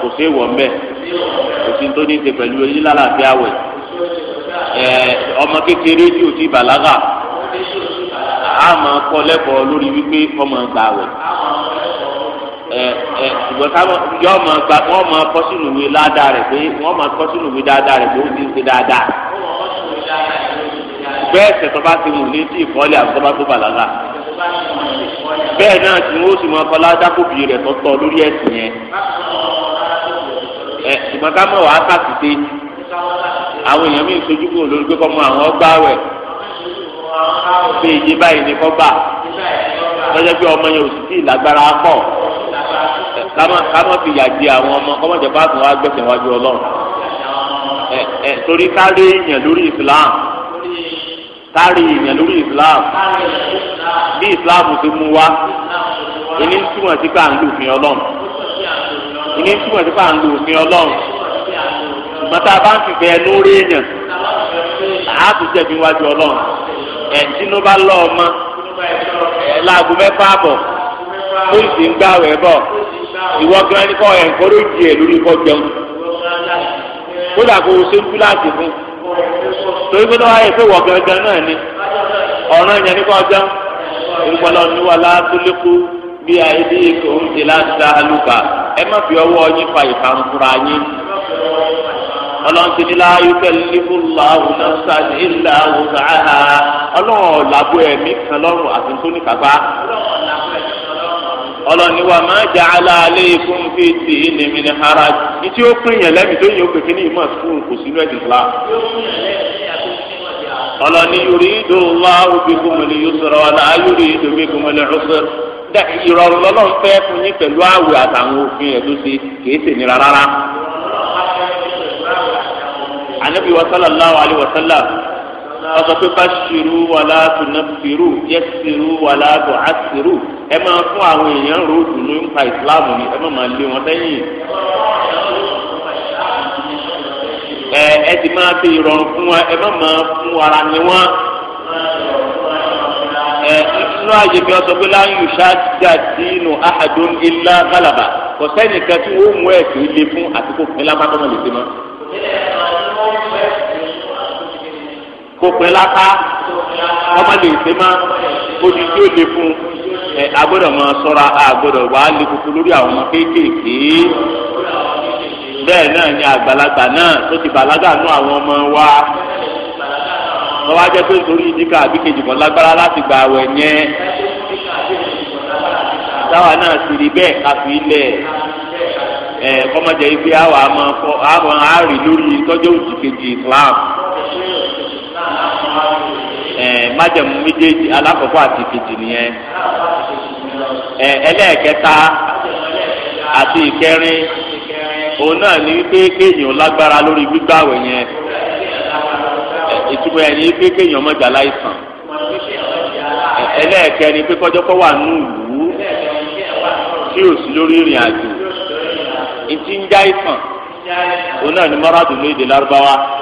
kò sí ìwọ mbẹ kò sí tó ní ṣe pẹ̀lú yílálàbí àwẹ̀ ẹ ọmọ kékeré tí o ti bàlágà a máa kọ́ lẹ́kọ̀ọ́ lórí wípé ọmọ gbà àwẹ̀ ṣùgbọ́n táwọn yọ ọmọ gba wọn máa kọ́ sínú ìwé ládàá rẹ̀ pé wọn máa kọ́ sínú ìwé dáadáa rẹ̀ pé ó ti ń ṣe dáadáa bẹ́ẹ̀ ṣe tó bá ti wù ní tí ìfọ́lẹ̀ àti tó bá tó bàlágà bẹ́ẹ̀ náà tí wọ́n sì máa kọ́ ládàkùbí rẹ̀ tọ́tọ́ lórí ẹ̀sìn yẹn ẹ ṣùgbọ́n ká mọ̀ wàá kàkìté àwọn èèyàn míì sojú kúrò lórí pé kọ́ mọ àwọn ọgbà wẹ̀ pé ìdí báyìí ni kọ́ bà lọ́jọ́ pé ọmọ yẹn ò sì tíì lágbára pọ̀ ká mọ̀ fi yàgbé àwọn ọmọ kọ́mọ̀jẹ̀ bá tún wá gbẹ̀sẹ̀ wájú ọlọ́run ẹ ẹ torí ká lé èèyàn lórí ìsìláàmù kárí ìyẹn lórí islam bí islam ti mú wa ìní túmọ̀ sí pé à ń lò fi ọlọ́run ìní túmọ̀ sí pé à ń lò fi ọlọ́run ṣùgbọ́n tá a bá ń fìfẹ́ ẹnu rí èèyàn àá tún jẹ̀bi wájú ọlọ́run ẹ̀ńtínú bá lọ ọmọ ẹ̀ láago mẹ́fà bọ̀ polisi ń gbà wẹ̀ bọ̀ ìwọ gan ni kọ́ ẹ̀ ń kọ́ ló jẹ lórí kọ́ jẹun kódà kó o ṣe ń tú láti fún un torí pé lọ́wọ́ ayé pé wọ̀ gẹ́gẹ́ náà ni ọ̀ràn yẹn nípa ọjọ́ orúkọ lọ́wọ́ ni wà látúlẹ́kù bí ayédè kò ń ti láta àlùkà ẹ má fi ọwọ́ yín fa ìtàn fúnra yín ọlọ́run ti ní láàyè kẹ́lẹ́kù làwù náà sáàdì ìlà àwùjọ àhà ọlọ́run ọ̀làbọ̀ ẹ̀mí kan lọ́rùn àti tó kàgbá. ọlọ́run ọ̀làbọ̀ ẹ̀mí ọlọ́ni wa máa jẹ́ aláàlẹ́ ikún fi tì í ní mi ní haraj ìtí ó pín yẹn lẹ́mìí tó yẹn ó pèké ní ìmọ̀ sùkúrù kò sínú ẹ̀dùn fúlá. ọlọ́ni yorì ìdò wá òbí kòmọ̀lì yóò sọ̀rọ̀ ọ̀la ayórì ìdò bí kòmọ̀lì ọ̀sẹ̀ ìrọ̀rùn lọ́lọ́run fẹ́ fún yín pẹ̀lú àwẹ̀ àtàwọn òfin ẹ̀ tó ṣe kìí ṣe nira rárá. ànábì wa sallallahu ọsọ pé bá ṣirú wàlá tùnà fìrú yẹ ṣirú wàlá tù á ṣirú ẹ máa fún àwọn èèyàn rò dùnú nípa ìsìláàmù ni ẹ má máa lé wọn lẹ́yìn. ẹ ẹ ti máa fi ìrọ̀rùn fún wa ẹ má máa fún ara ni wọn. ẹ nínú àyè bí ọsọ pé láyé ṣáàjà dínú àhàdùn ilá kálábà kò sẹ́nìkan tí wọ́n mú ẹ̀sìn lé fún àti kò fún lápá lè ṣe mọ́ kó pé lápá ọmọ lè ṣe má odi tí ó le fún ẹ agbọ́dọ̀ máa ṣọ́ra agbọ́dọ̀ wà á le koko lórí àwọn ọmọ kéékèèké bẹ́ẹ̀ náà ni àgbàlagbà náà tó ti bàlágà nú àwọn ọmọ wa wọ́n wá jẹ́ pé nítorí ìdíkà àbí kejì kan lágbára láti gba àwẹ̀ yẹn táwa náà sì rí bẹ́ẹ̀ ká fi ilẹ̀ ẹ̀ kọ́mọ̀jẹ̀ ife àwọn àmọ́ àárín lórí tọ́jú òjì kejì Islam. ẹ májẹ̀mú méjèèjì alákọ̀ọ́kọ́ àti kejì nìyẹn ẹ ẹlẹ́ẹ̀kẹta àti ìkẹrin òun náà ní wípé kéèyàn lágbára lórí gbígbàwẹ̀ yẹn ìtumọ̀ yẹn ní wípé kéèyàn mọ̀jà láìsàn ẹlẹ́ẹ̀kẹrin pé kọjọ́ wà nù ìlú tí ò sí lórí ìrìn àjò ìtí ń já ìsàn òun náà ní lárúbáwá.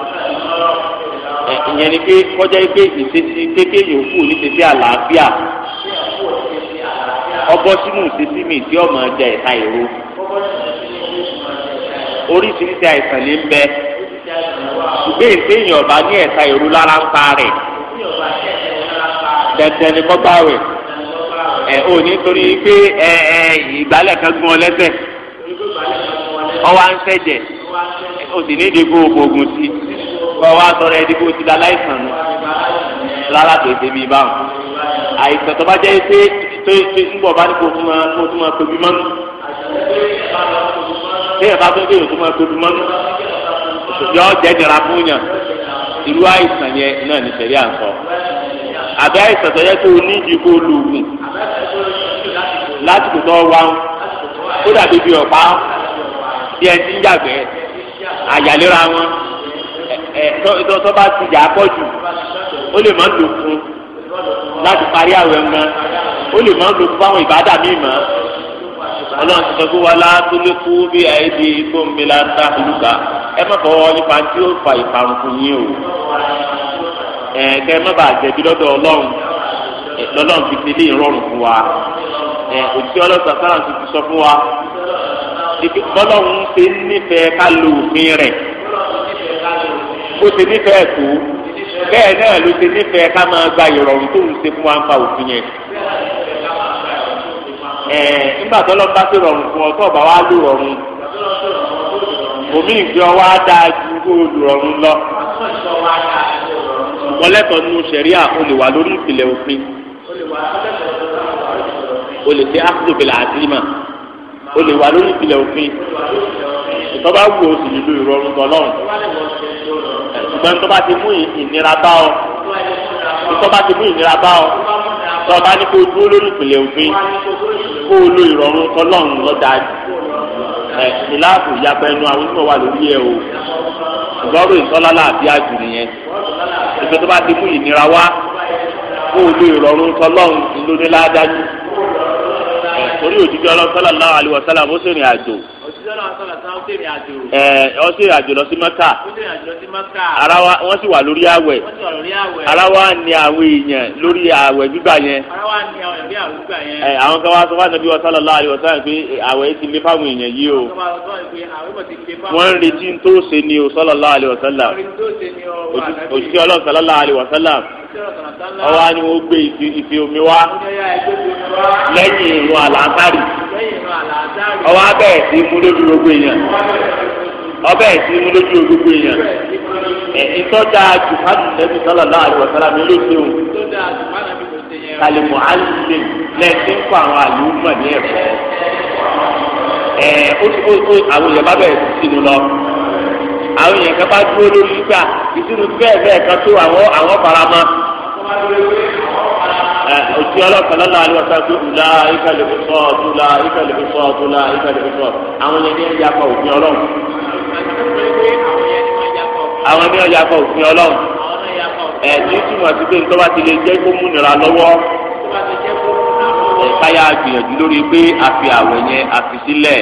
ìyẹn ni pé kọjá pé ìṣesí kékeré yòókù níṣesí àlàáfíà ọbọ sínú ìṣesí mi tí ọmọ ọjà ìta ìró oríṣiríṣi àìsàn ní bẹ ṣùgbọ́n ìṣe èèyàn ọba ní ẹ̀ka ìró lára ń pa rẹ̀ dandan ni kọ́ bá rẹ̀ ẹ̀ ò ní torí pé ẹ̀ ẹ̀ ìgbálẹ̀ kan gún ọ lẹ́sẹ̀ ọwọ́ à ń sẹ́jẹ̀ ó sì ní ìdìbò ògùn sí i kọ́ wa sọ̀rọ̀ ẹni kó ti da láìsàn nù rárá tó ṣe mi báwọn àìsàn tó bá jẹ́ pé tó ṣe ń bọ̀ bá ní kó tún máa kó tún máa tóbi mọ́nú bí ẹ̀ka tó dé òtún máa tóbi mọ́nú yọ jẹ́jẹ̀ra fún yàn irú àìsàn yẹn náà ní sẹ̀rí à ń àìsàn tó yẹ kó o ní ìdí kó o lò wù tó wá ń kó dàbí bí ọ̀pá bí ẹ ti ń yàgbẹ́ àyàlera wọn ẹ tó bá ti jà pọ̀ jù ó lè má lò fún láti parí àwẹ̀ mọ́ ó lè má lò fún àwọn ìbádà míì mọ́ ọlọ́run ti sọ pé wà á tó lé kú bí àìdí gbòǹbí la ń ta ìlúgà ẹ má fọwọ́ nípa tí ó fa ìparun fún yín o ẹ kẹ́ ẹ má bàa jẹ̀bi lọ́dọ̀ ọlọ́run lọ́lọ́run ti fi lé ìrọ̀rùn fún wa ẹ òtí ọlọ́sàn sára ti fi sọ fún wa bọ́lọ́run ti nífẹ̀ẹ́ ká lo òfin rẹ̀ bó ṣe nífẹ̀ẹ́ tó bẹ́ẹ̀ náà ló ṣe nífẹ̀ẹ́ ká máa gba ìrọ̀rùn tó ń ṣe fún wa ń pa òfin yẹn. ẹ̀ẹ́n nígbà tó lọ́n bá ṣe rọrùn fún ọ tó ọba wa lò rọrùn omi ìgbẹ́ wa dáa ju olùrọ̀rùn lọ. mọ̀lẹ́tọ̀ nínú sẹ̀ríà o lè wà lórí ìpìlẹ̀ òfin o lè ṣe áṣùbìlà àdìmà o lè wà lórí ìpìlẹ̀ òfin ìtọ́ba wù ó sì nílò ìrọ̀rùn tọ́lọ́run ṣùgbọ́n tó bá ti mú ìnira bá ọ tó bá ti mú ìnira bá ọ tó bá ní kó o dúró lórí ìpìlẹ̀ òfin kó o lo ìrọ̀rùn tọ́lọ́run lọ́dà ẹ̀ ìlàbù ìyapẹ̀ ẹnu àwọn onímọ̀ wà lórí ẹ̀ o ìgbọ́rò ìtọ́lá láàbí àjù nìyẹn ìgbẹ́ tó bá ti mú ìnira wá kó o lo ìrọ̀rùn tọ́lọ́run lórí ládàjú ẹ̀ torí òjijì ọlọ́sọ́lá láwàlúwọ̀sálà ó sì rìn àjò ẹ ọ sì àjò lọ sí maka ara wa wọn sì wà lórí àwẹ̀ ara wa ni àwọn èèyàn lórí àwẹ̀ gbígbà yẹn ẹ eh, àwọn kan wá sọ fún àtàbí ọsán lọlá àríwọ sáyẹn pé àwẹ̀ ti lé fáwọn èèyàn yìí o wọn ń retí tó ṣe ni ọsán lọlá àríwọ sálà òṣìṣẹ́ ọlọ́sán lọlá àríwọ sálà. ọwọ́ á ní wọ́n gbé ife omi wá lẹ́yìn ìrún àlàáfárì ọwọ́ abẹ́ẹ̀ sí mú gbogbo èèyàn ọbẹ̀ sí mú gbogbo èèyàn ìtọ́jà jùmọ́nù lẹ́bi sọ́lọ̀ náà àlùwọ̀ sọ́lá mi ló ṣe òun kalimu alile lẹ́sìn kọ́ àwọn àlùmọ̀ ní ẹ̀kọ́ ẹ̀ àwọn èèyàn bá bẹ̀rẹ̀ sí sínú lọ àwọn bá dúró lórí gbà bẹ́ẹ̀ bẹ́ẹ̀ kan tó àwọn òtí eh, la lọ́la àlùwàsá tó ìlà ìkàlẹ̀ fúnṣọ́ ọ̀túnla ìkàlẹ̀ fúnṣọ́ ọ̀túnla ìkàlẹ̀ fúnṣọ́ àwọn yẹn ní ọjà òfin ọlọ́run. àwọn ní ọjà òfin ọlọ́run. ẹ̀ eh, ní túmọ̀ sí pé nítorí ti lè jẹ́ kó múnira lọ́wọ́. gbìyànjú lórí pé a fi àwẹ̀ yẹn a fi sílẹ̀.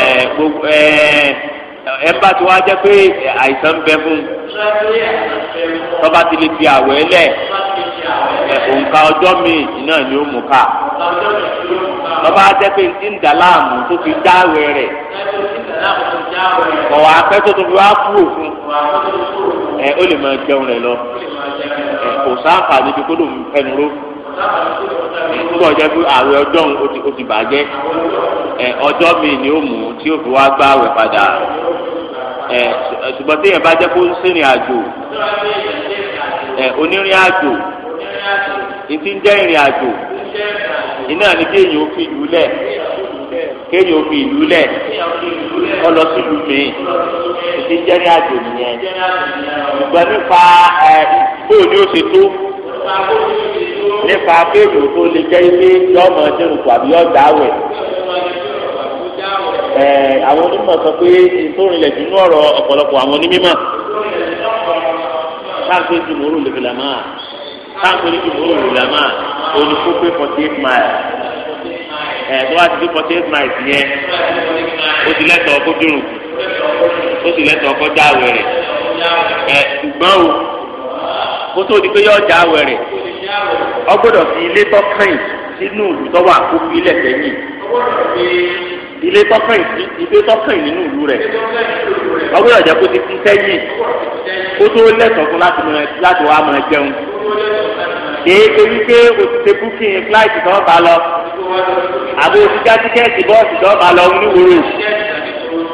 ẹ̀ eh, gbogbo ẹ̀. ẹ bá ti wá jẹ́ pé àìsàn ń bẹ fún tọ́ba ti lè fi àwẹ̀ lẹ̀ òǹkà ọjọ́ míì náà ni ó mú ká tọ́ba jẹ́ pé ti ń dà láàmú tó fi dá àwẹ̀ rẹ̀ kọ̀wá pẹ́ tó tó fi wá kúrò fún ẹ ó lè máa jẹun rẹ̀ lọ kò sáǹfà níbi kó lòun fẹnu ró tó ọjọ́ pé àwẹ̀ ọjọ́ o ti bàjẹ́ ẹ ọjọ́ mi ni ó mú tí ó fi wá gbá àwẹ̀ padà ẹ ṣùgbọ́n téèyàn bá jẹ́ kó ń sìnrìn àjò ẹ onírìn àjò ìtí ń jẹ́ ìrìn àjò iná ni kéèyàn ó fi ìlú lẹ̀ kéèyàn ó fi ìlú lẹ̀ kọ́ lọ sí ìlú mi ìtí ń jẹ́ ìrìn àjò nìyẹn ìgbà nípa ẹ bóyá ni ó ṣe tó nípa abéèrè tó lè jẹ́ ilé yọmọ dẹrùkọ àbí ọjà awẹ. ẹ àwọn onímọ̀ sọ pé ìtòrìnlẹ̀ jù ní ọ̀rọ̀ ọ̀pọ̀lọpọ̀ àwọn onímọ̀ táàpé jùmọ̀rò lè fìlà máa táàpé jùmọ̀rò lè fìlà máa olùkópe forty eight miles ẹ̀ tó wá ti di forty eight miles yẹn ó ti lẹ́tọ̀ọ́ kó dùrù ó ti lẹ́tọ̀ọ́ kó dá àwẹ̀ rẹ̀ ẹ̀ ṣùgbọ́n o kó di pé yọ ọgbọ́dọ̀ fi ilé tọ́kàn sínú ìlú tọ́wọ́ àkókò ilẹ̀ sẹ́yìn ilé tọ́kàn ilé tọ́kàn nínú ìlú rẹ̀ ọgbọ́dọ̀ jẹ́ kó ti fi sẹ́yìn kó tó lẹ́sọ̀ọ́ fún láti wá máa jẹun kéèké wípé o ti ṣe búkìn fúláìtì tó ń bá lọ àbí o ti já tíkẹ́ẹ̀tì bọ́ọ̀sì tó ń bá lọ níwòrò.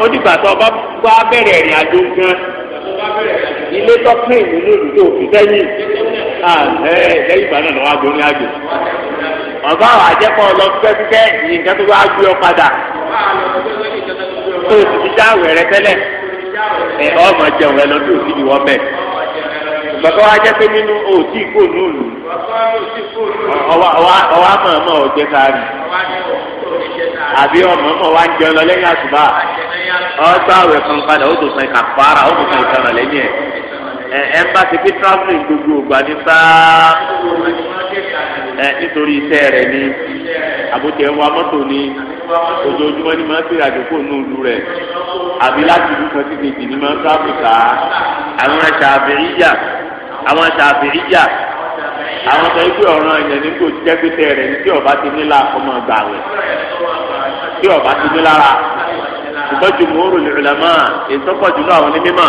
ó dìgbà tó ọba wá bẹ̀rẹ̀ ìrìn àjò gan ilé tọ́kàn ìlú lòdù tó fi sẹ́yìn lẹ́yìn ìgbà náà àjò ọba àwọn àjẹpọ̀ lọ pẹ́ pípẹ́ nǹkan tó bá gbé ọ padà tó o sì ti ọmọ jẹun o bàbá wa jẹ́ pé nínú òtí kò nùlù ọwọ́ àmọ̀ ọmọ ọ̀jẹ̀ sáré àbí ọmọ ọmọ wa ń jẹun lọ lẹ́yìn àtúbà ọ̀tọ̀ àwẹ̀ kan padà ó tó san ìkàpárà ó tó san ìkànnà lẹ́yìn ẹ̀ ẹ ẹ fi travelling gbogbo ògbà ní sáà ẹ nítorí iṣẹ́ rẹ̀ ni àbótẹ wa mọ́tò ni ojoojúmọ́ ni máa ń tèrè àjòkó nù ìlú àbí láti ìlú kan sí kejì ni máa ń travel ká àwọn ṣàbẹ̀ríyà àwọn ṣàbẹ̀ríyà àwọn sọ pé ọ̀ràn ẹ̀yẹ̀ ní kò jẹ́ pé tẹ̀ rẹ̀ ní tí ọba ti nílà ọmọ gbà wẹ̀ tí ọba ti nílára ṣùgbọ́n jùmọ̀ òrò lè rìn lẹ́mọ́ ètò pọ̀ àwọn onímọ̀.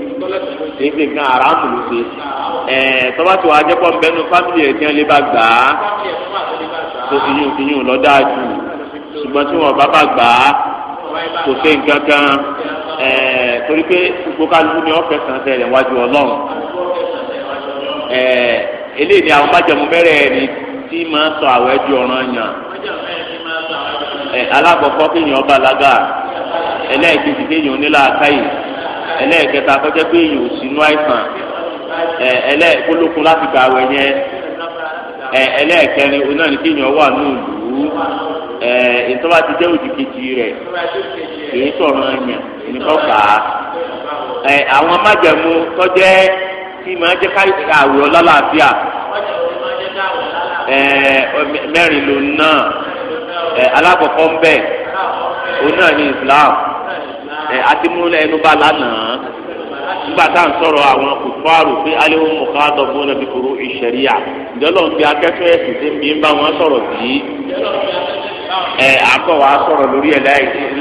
kì í fi nǹkan aráàmù ló ṣe ẹ tọ́ba tí wàá jẹ́pọ̀ nbẹ́nu fámìlì rẹ̀ kí wọ́n lè bá gbà á tó fi yún fi yún lọ́dá jù ṣùgbọ́n tí wọ́n bá bá gbà á kò ṣe nǹkan kan ẹ torí pé gbogbo kálukú ni wọ́n fẹ́ sàn sẹ́yìn wájú ọlọ́run ẹ eléyìí ni àwọn májẹ̀mú mẹ́rẹ̀ẹ̀rin tí máa sọ àwẹ̀ ju ọ̀ràn yàn ẹ alákọ̀ọ́kọ́ kéèyàn bàlágà ẹlẹ́ẹ̀kejì kéèyàn onílàákàyè. ẹlẹ́ẹ̀kẹta tọ́jẹ́ pé èyí ò sínú àìsàn ẹlẹ́ẹ̀kólókun láti gbà wẹ̀ yẹn ẹlẹ́ẹ̀kẹrin onáà ní kéèyàn wà ní ìlú ìtọ́ba ti jẹ́ òdì kejì rẹ̀ èyí sọ̀rọ̀ ẹ̀yàn nìkan fà á àwọn májẹ̀mú tọ́jẹ́ tí màá jẹ́ ká àwòrán lálàáfíà mẹ́rin lòun náà alákọ̀ọ́kọ́ ń bẹ̀ òun náà ní Islam. àti múlẹ̀ ẹnu bá lánàá nígbà tá à ń sọ̀rọ̀ àwọn kùfáàrù pé aléwò mọ̀ká dọ̀bọ̀ nàbí kúrú ìṣẹ̀ríyà ìjọlọ́ fi akẹ́kọ̀ọ́ ẹ̀sìn tí mi ń bá wọn sọ̀rọ̀ sí ẹ àkọ́ wa sọ̀rọ̀ lórí ẹ̀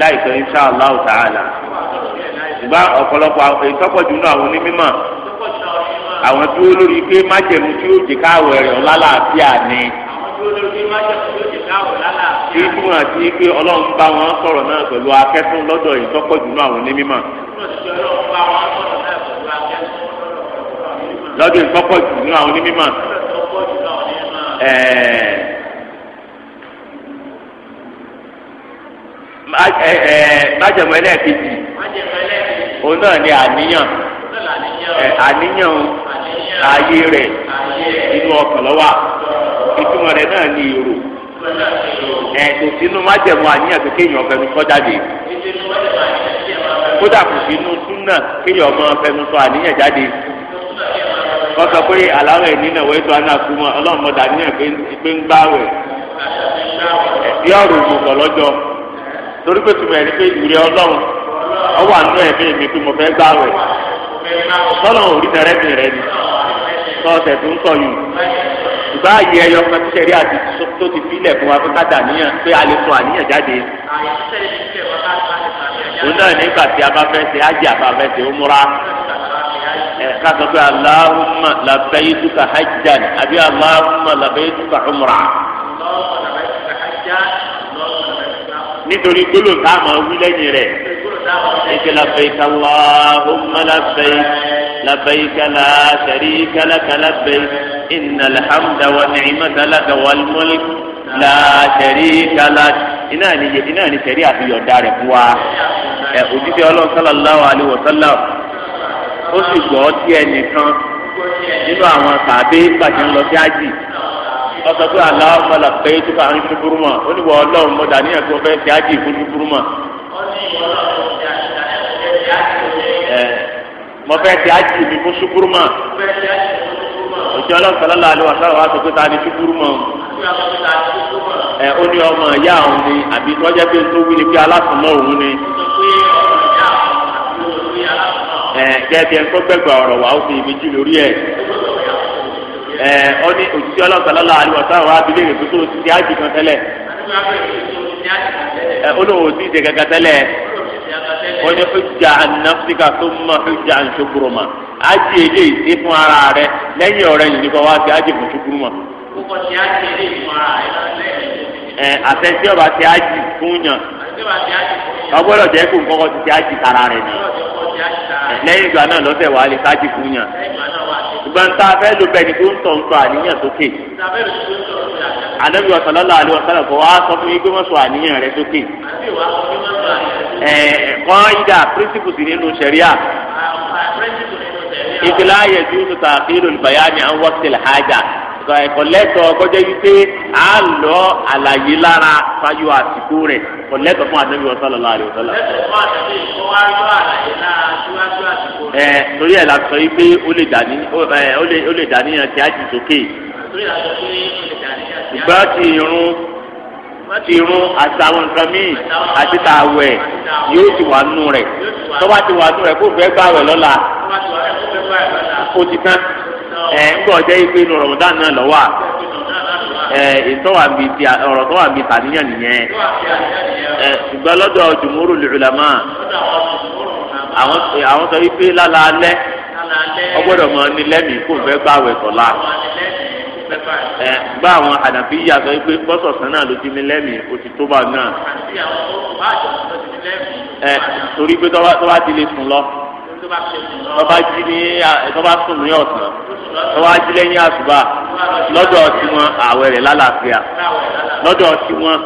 láìpẹ́ insha Allah ta'ala ṣùgbọ́n ọ̀pọ̀lọpọ̀ ìtọ́pọ̀jù náà àwọn onímọ̀ àwọn dúró lórí pé májèmú tí ó jẹ káwọ̀ ẹ̀rọ lálàáfíà ni tí túmọ̀ sí pé ọlọ́run bá wọn sọ̀rọ̀ náà pẹ̀lú akẹ́fún lọ́dọ̀ yìí tọ́pọ̀ jùlọ àwọn onímọ̀. lọ́dọ̀ yìí tọ́pọ̀ jùlọ àwọn onímọ̀. májẹ̀mú ẹlẹ́ẹ̀kejì òun náà ni àníyàn. ẹ àníyàn ààyè rẹ̀ inú ọkàn ìtumọ̀ rẹ̀ náà ní èrò ẹ sínú májẹ̀mú àníyàn kékeré yàn ọ̀fẹ́ mi kọ́ jáde kódà kò sínú súnà kéèyàn ọmọ ọ̀fẹ́ mi sọ àníyàn jáde wọ́n sọ pé àlàó ẹ̀ ètò àná àkúmọ̀ ọlọ́run ní pé ń gbá ọ̀rọ̀ tọ́lọ̀ òrí tẹ̀rẹ́ tì rẹ ni tọ́ ọ̀sẹ̀ tó ń kọ yìí ìgbà ayé ẹyọ àti tó ti filẹ̀ fún wa pé ká dàníyàn pé a lè sọ àníyàn jáde. òun náà nígbà tí a bá fẹ́ ṣe ájì àbá fẹ́ ṣe ó múra ká sọ pé إذ لبيك اللهم لبيك لبيك لا شريك لك لبيك إن الحمد والنعمة لك والملك لا شريك لك iná ni iná ni sẹ̀rí àfihàn rẹ̀ fún wa ẹ òjijì ọlọ́run sallallahu alaihi wasallam ó sì gbọ́ tí ẹnìkan nínú àwọn tàbí pàṣẹ ńlọ sí ájì ọsọ pé Allahumma labbayka ń dúdúrú mọ̀ ó ní wọ́n ọlọ́run mọ̀dà níyàn tó fẹ́ sí ájì fún dúdúrú mọ̀ mo fẹ́ ti ájì mi fún ṣukuru mọ́ òjò ọlọ́sọ̀lá la ló wà sọ̀rọ̀ wá sọ pé ta ni ṣukuru mọ́ ẹ ó ní ọmọ ìyá òun ni àbí tọ́jà pé tó wí ni pé alásùnmọ́ òun ni ẹ gẹ́gẹ́ ẹni gbẹ̀gbẹ̀ ọ̀rọ̀ wà ó fi ìmìjì lórí ẹ̀ ẹ ó ní òjò ọlọ́sọ̀lá la ló wà sọ̀rọ̀ wá abilé rẹ̀ tó tó ti ájì kan tẹ́lẹ̀ ẹ ó lóun ò tí ì onye ní hujja anafsika tó mọ hujja anṣokuruma ájì eléyìí ara rẹ lẹ́yìn ọ̀rẹ́ yìí nípa wá sí ájì fún ṣokuruma. kókò ṣe ájì eléyìí fún ara rẹ lẹ́yìn ọ̀rẹ́ yìí. ti ọgbọ́dọ̀ jẹ́ kó nǹkan kan ti ti ájì tara rẹ̀ ni lẹ́yìn ìgbà náà lọ́sẹ̀ wàá lè kájì fún yàn ìgbà ń ta abẹ́ ló bẹ́ẹ̀ ni tó ń tọ̀ ń tọ̀ àníyàn sókè ànábì sallallahu alaihi wasallam kọ́ wàá sọ fún yín pé wọ́n sọ àníyàn rẹ̀ sókè ẹ̀ẹ́dẹ̀kọ́ ìdá pírísìpù nínú sẹ̀ríà ìfìlà yẹ ju tààkì lónìí bàyá ni àwọn wọ́pẹ̀ ọ̀tọ̀ ẹ̀kọ́ lẹ́tọ̀ kọjá wípé a lọ àlàyé lára fáyọ àsìkò rẹ̀ kọ lẹ́tọ̀ fún àdébí sallallahu alaihi wasallam. lẹ́tọ̀ fún àdébí kọ́ wá yọ àlàyé lára síwájú àsìkò rẹ̀. ẹ torí ẹ̀ la sọ yìí pé ó lè dání ó lè dání yàn tí a jì sókè. ìgbà tí irun ti irun àti àwọn nǹkan míì àti tààwẹ̀ yóò ti wà nù rẹ̀ tó bá ti wà nù rẹ̀ kó fẹ́ gbà wẹ̀ lọ́la ó ti kán. ẹ ńgbọ́ jẹ́ ipe inú rọ̀mọ̀dán náà lọ́wọ́ ẹ ìtọ́wà bíi ti ọ̀rọ̀ tọ́wà bíi tàníyàn nìyẹn ẹ ṣùgbọ́n lọ́dọ̀ jùmúrù lùlámà àwọn sọ alẹ́ ọgbọ́dọ̀ mọ ní kó fẹ́ wẹ̀ ẹ àwọn àdàbí yàtọ̀ wípé bọ́sọ̀sán náà ló ti tọ́ba jí ní tọ́ba sùn ní ọ̀sán tọ́ba jí lẹ́yìn àsùbà lọ́dọ̀ ọtí wọn àwẹ̀ rẹ̀ lálàáfíà lọ́dọ̀ ọtí wọn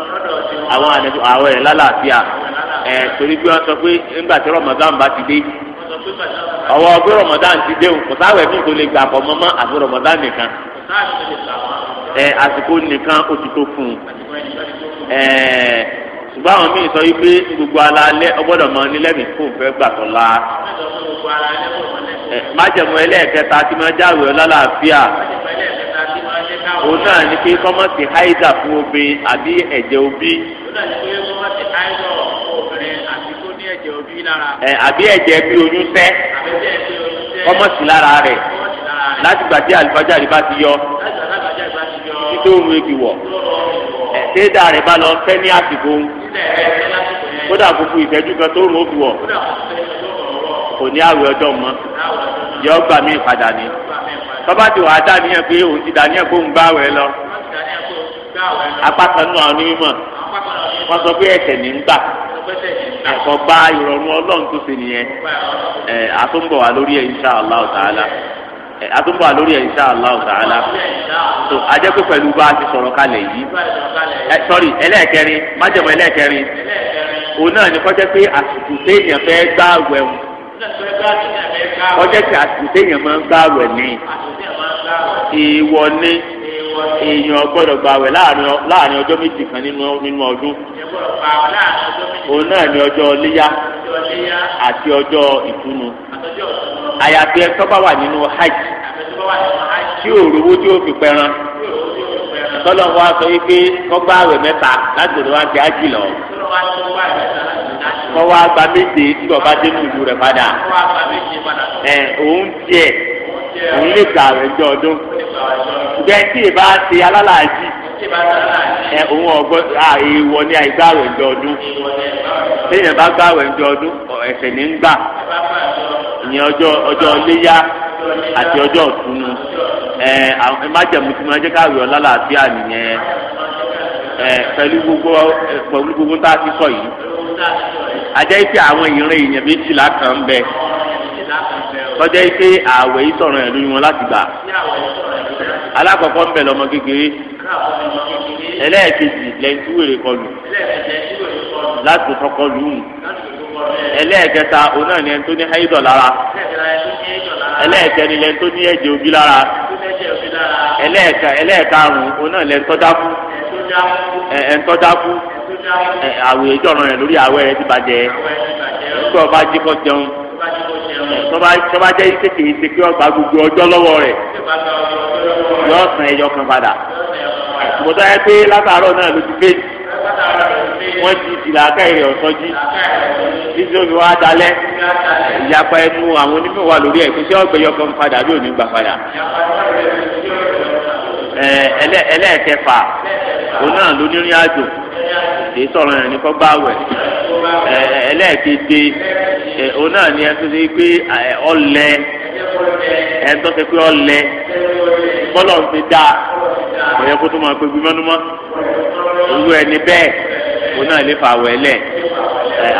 àwọn àwẹ̀ rẹ̀ lálàáfíà ẹ̀ torí pé wọ́n sọ pé nígbà tí Ramadan bá ti dé ọwọ́ ọgbẹ́ Ramadan ti dé kò sáwẹ̀ fún tó lè gbà pọ̀ mọ́mọ́ àfi Ramadan nìkan ẹ̀ àsìkò nìkan ó ti tó fún un ṣùgbọ́n àwọn míì sọ yìí pé gbogbo alalẹ́ ọgbọ́dọ̀ mọ ní lẹ́mìí fẹ́ gbà tó la. májẹ̀mú ẹlẹ́ẹ̀kẹta tí máa jáwé ọlọ́láàfíà òun náà ní pé kọ́mọ̀sì háìdà fún obe àbí ẹ̀jẹ̀ obi. àbí ẹ̀jẹ̀ bí oyún sẹ́ kọ́mọ̀sì lára rẹ̀ láti gbàdí àlùfájà rí bá ti yọ títí òun èkì wọ̀. ṣéèdà rẹ̀ bá lọ fẹ́ ní àsìkò ń kódà gbogbo ìtẹ́jú kan tó rún òbí kò ní àwẹ̀ ọjọ́ mọ́ yọ gbà mí padà ní tọ́ba ti wàá dà pé ti dà wẹ̀ lọ wọ́n pé ní ń gbà ẹ̀kọ́ gba ìrọ̀rùn ọlọ́run nìyẹn àtúbọ̀ lórí ẹ̀ insha Allah ta'ala tó ajẹ́ pé pẹ̀lú bá a ti sọ̀rọ̀ kalẹ̀ yìí ẹ sọ́rí ẹlẹ́ẹ̀kẹrin májẹ̀mọ́ ẹlẹ́ẹ̀kẹrin òun náà ni kọ́jẹ́ pé àsìkò téèyàn fẹ́ gbá wẹ̀hùn kọ́jẹ́ pé àsìkò téèyàn máa ń gbá wẹ̀ ní ìwọ ní. èèyàn gbọ́dọ̀ àwẹ̀ láàrin ọjọ́ méjì kan nínú ọdún òun náà ni ọjọ́ léyá àti ọjọ́ ìtúnu àyàfi ẹ bá wà nínú hajj tí òrówó tí ó fi pẹran tọ́lọ̀ wa sọ wípé kọ́gbà àwẹ̀ mẹ́ta láti òun lè gbà rẹ̀ jọ ọdún bẹ́ẹ̀ tí ì bá ṣe alálàájì ẹ òun ọgbọ́n àìwọ ní àìgbà rẹ̀ jọ ọdún téèyàn bá gbà rẹ̀ jọ ọdún ẹ̀sẹ̀ ní ń gbà ìyẹn ọjọ́ ọjọ́ léyà àti ọjọ́ ìtúnu ẹ májẹ̀mú tí wọ́n jẹ́ káwé ọ̀la nìyẹn ẹ pẹ̀lú gbogbo pẹ̀lú gbogbo tá a ti sọ yìí ajẹ́ ìpè àwọn ìran èèyàn méjìlá kan bẹ́ẹ̀ tọ́jà yìí pé ààwẹ̀ yìí sọ̀rọ̀ ẹ̀ lóyún wọn láti gbà. alákọ̀ọ́kọ́ ń bẹ̀ lọ́mọ kékeré. ẹlẹ́ẹ̀kejì lẹ́yìn tí wèrè kọlù. láti kọ́kọ́ lù ú. ẹlẹ́ẹ̀kẹta òun ni ẹni tó ní háídọ̀ lára. ẹlẹ́ẹ̀kẹrin lẹ́ni tó ní ẹ̀jẹ̀ òbí lára. ẹlẹ́ẹ̀ka ẹlẹ́ẹ̀karùn-ún òun náà lẹ́ni tó dákú. ẹ̀ tó dákú. àwẹ̀ ìjọ̀ràn rẹ̀ lórí àwẹ̀ rẹ̀ ti bàjẹ́. nígbà tọ́ba tọ́ba jẹ́ iṣẹ́ kìí ṣe kí ọgbà gbogbo ọjọ́ lọ́wọ́ rẹ̀ yọ ọ̀sán ẹ̀yọ kan padà ṣùgbọ́n tó yẹ pé látàárọ̀ náà ló ti fèjì wọ́n ti ti làákàyè ọ̀sọ́jí títí omi wa dalẹ̀ ìyapa ẹnu àwọn onímọ̀ wà lórí ẹ̀ pé ṣé ọgbẹ́ yọ kan padà bí òní gbà padà ẹlẹ́ẹ̀kẹfà òun náà lónírìn àjò kìí sọ̀rọ̀ yẹn ní kọ́ bá wẹ̀ ẹlẹ́ẹ̀keje òun náà ni ẹni tó ṣe pé ọlẹ ẹni tó ṣe pé ọlẹ bọ́lọ̀ ń ti dá kò yẹ kó tó máa pé gbímọ́númọ́ irú ẹni bẹ́ẹ̀ òun náà lè fà wẹ̀ lẹ̀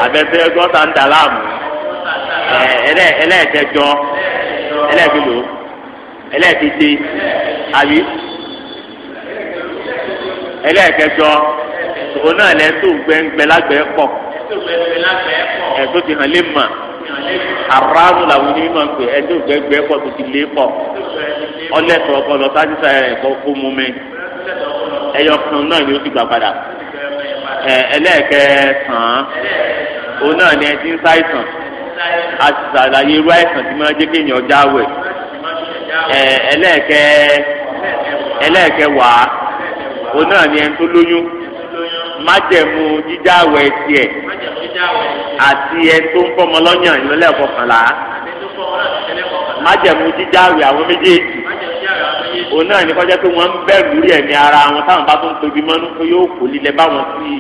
abẹ́fẹ́ gọ́ta ń dà láàmú ẹlẹ́ẹ̀kẹjọ ẹlẹ́ẹ̀kẹlò ẹlẹ́ẹ̀keje àbí ẹlẹ́ẹ̀kẹjọ. òun náà lẹ tó gbẹngbẹ lágbẹ pọ ti hàn lé mà aráàlú làwọn onímọ̀ gbẹngbẹ pọ tó ti lé pọ ọlẹ́tọ̀ ọpọlọ sáájú sáyà ẹ̀kọ́ kó mú mi náà ni ó ti gbà padà án òun náà ni ẹ ti ń irú àìsàn tí máa kéèyàn ẹlẹ́ẹ̀kẹ májẹ̀mú jíjáwẹ̀ tiẹ̀ àti ẹ tó ń fọmọ lọ́yàn ìlọ́lẹ̀ kọkànlá májẹ̀mú jíjáwẹ̀ àwọn méjèèjì òun náà ní kọjá pé wọ́n ń bẹ̀rù rí ẹ̀mí ara wọn táwọn bá tó ń tóbi mọ́nú pé yóò kó lílẹ̀ báwọn sí i.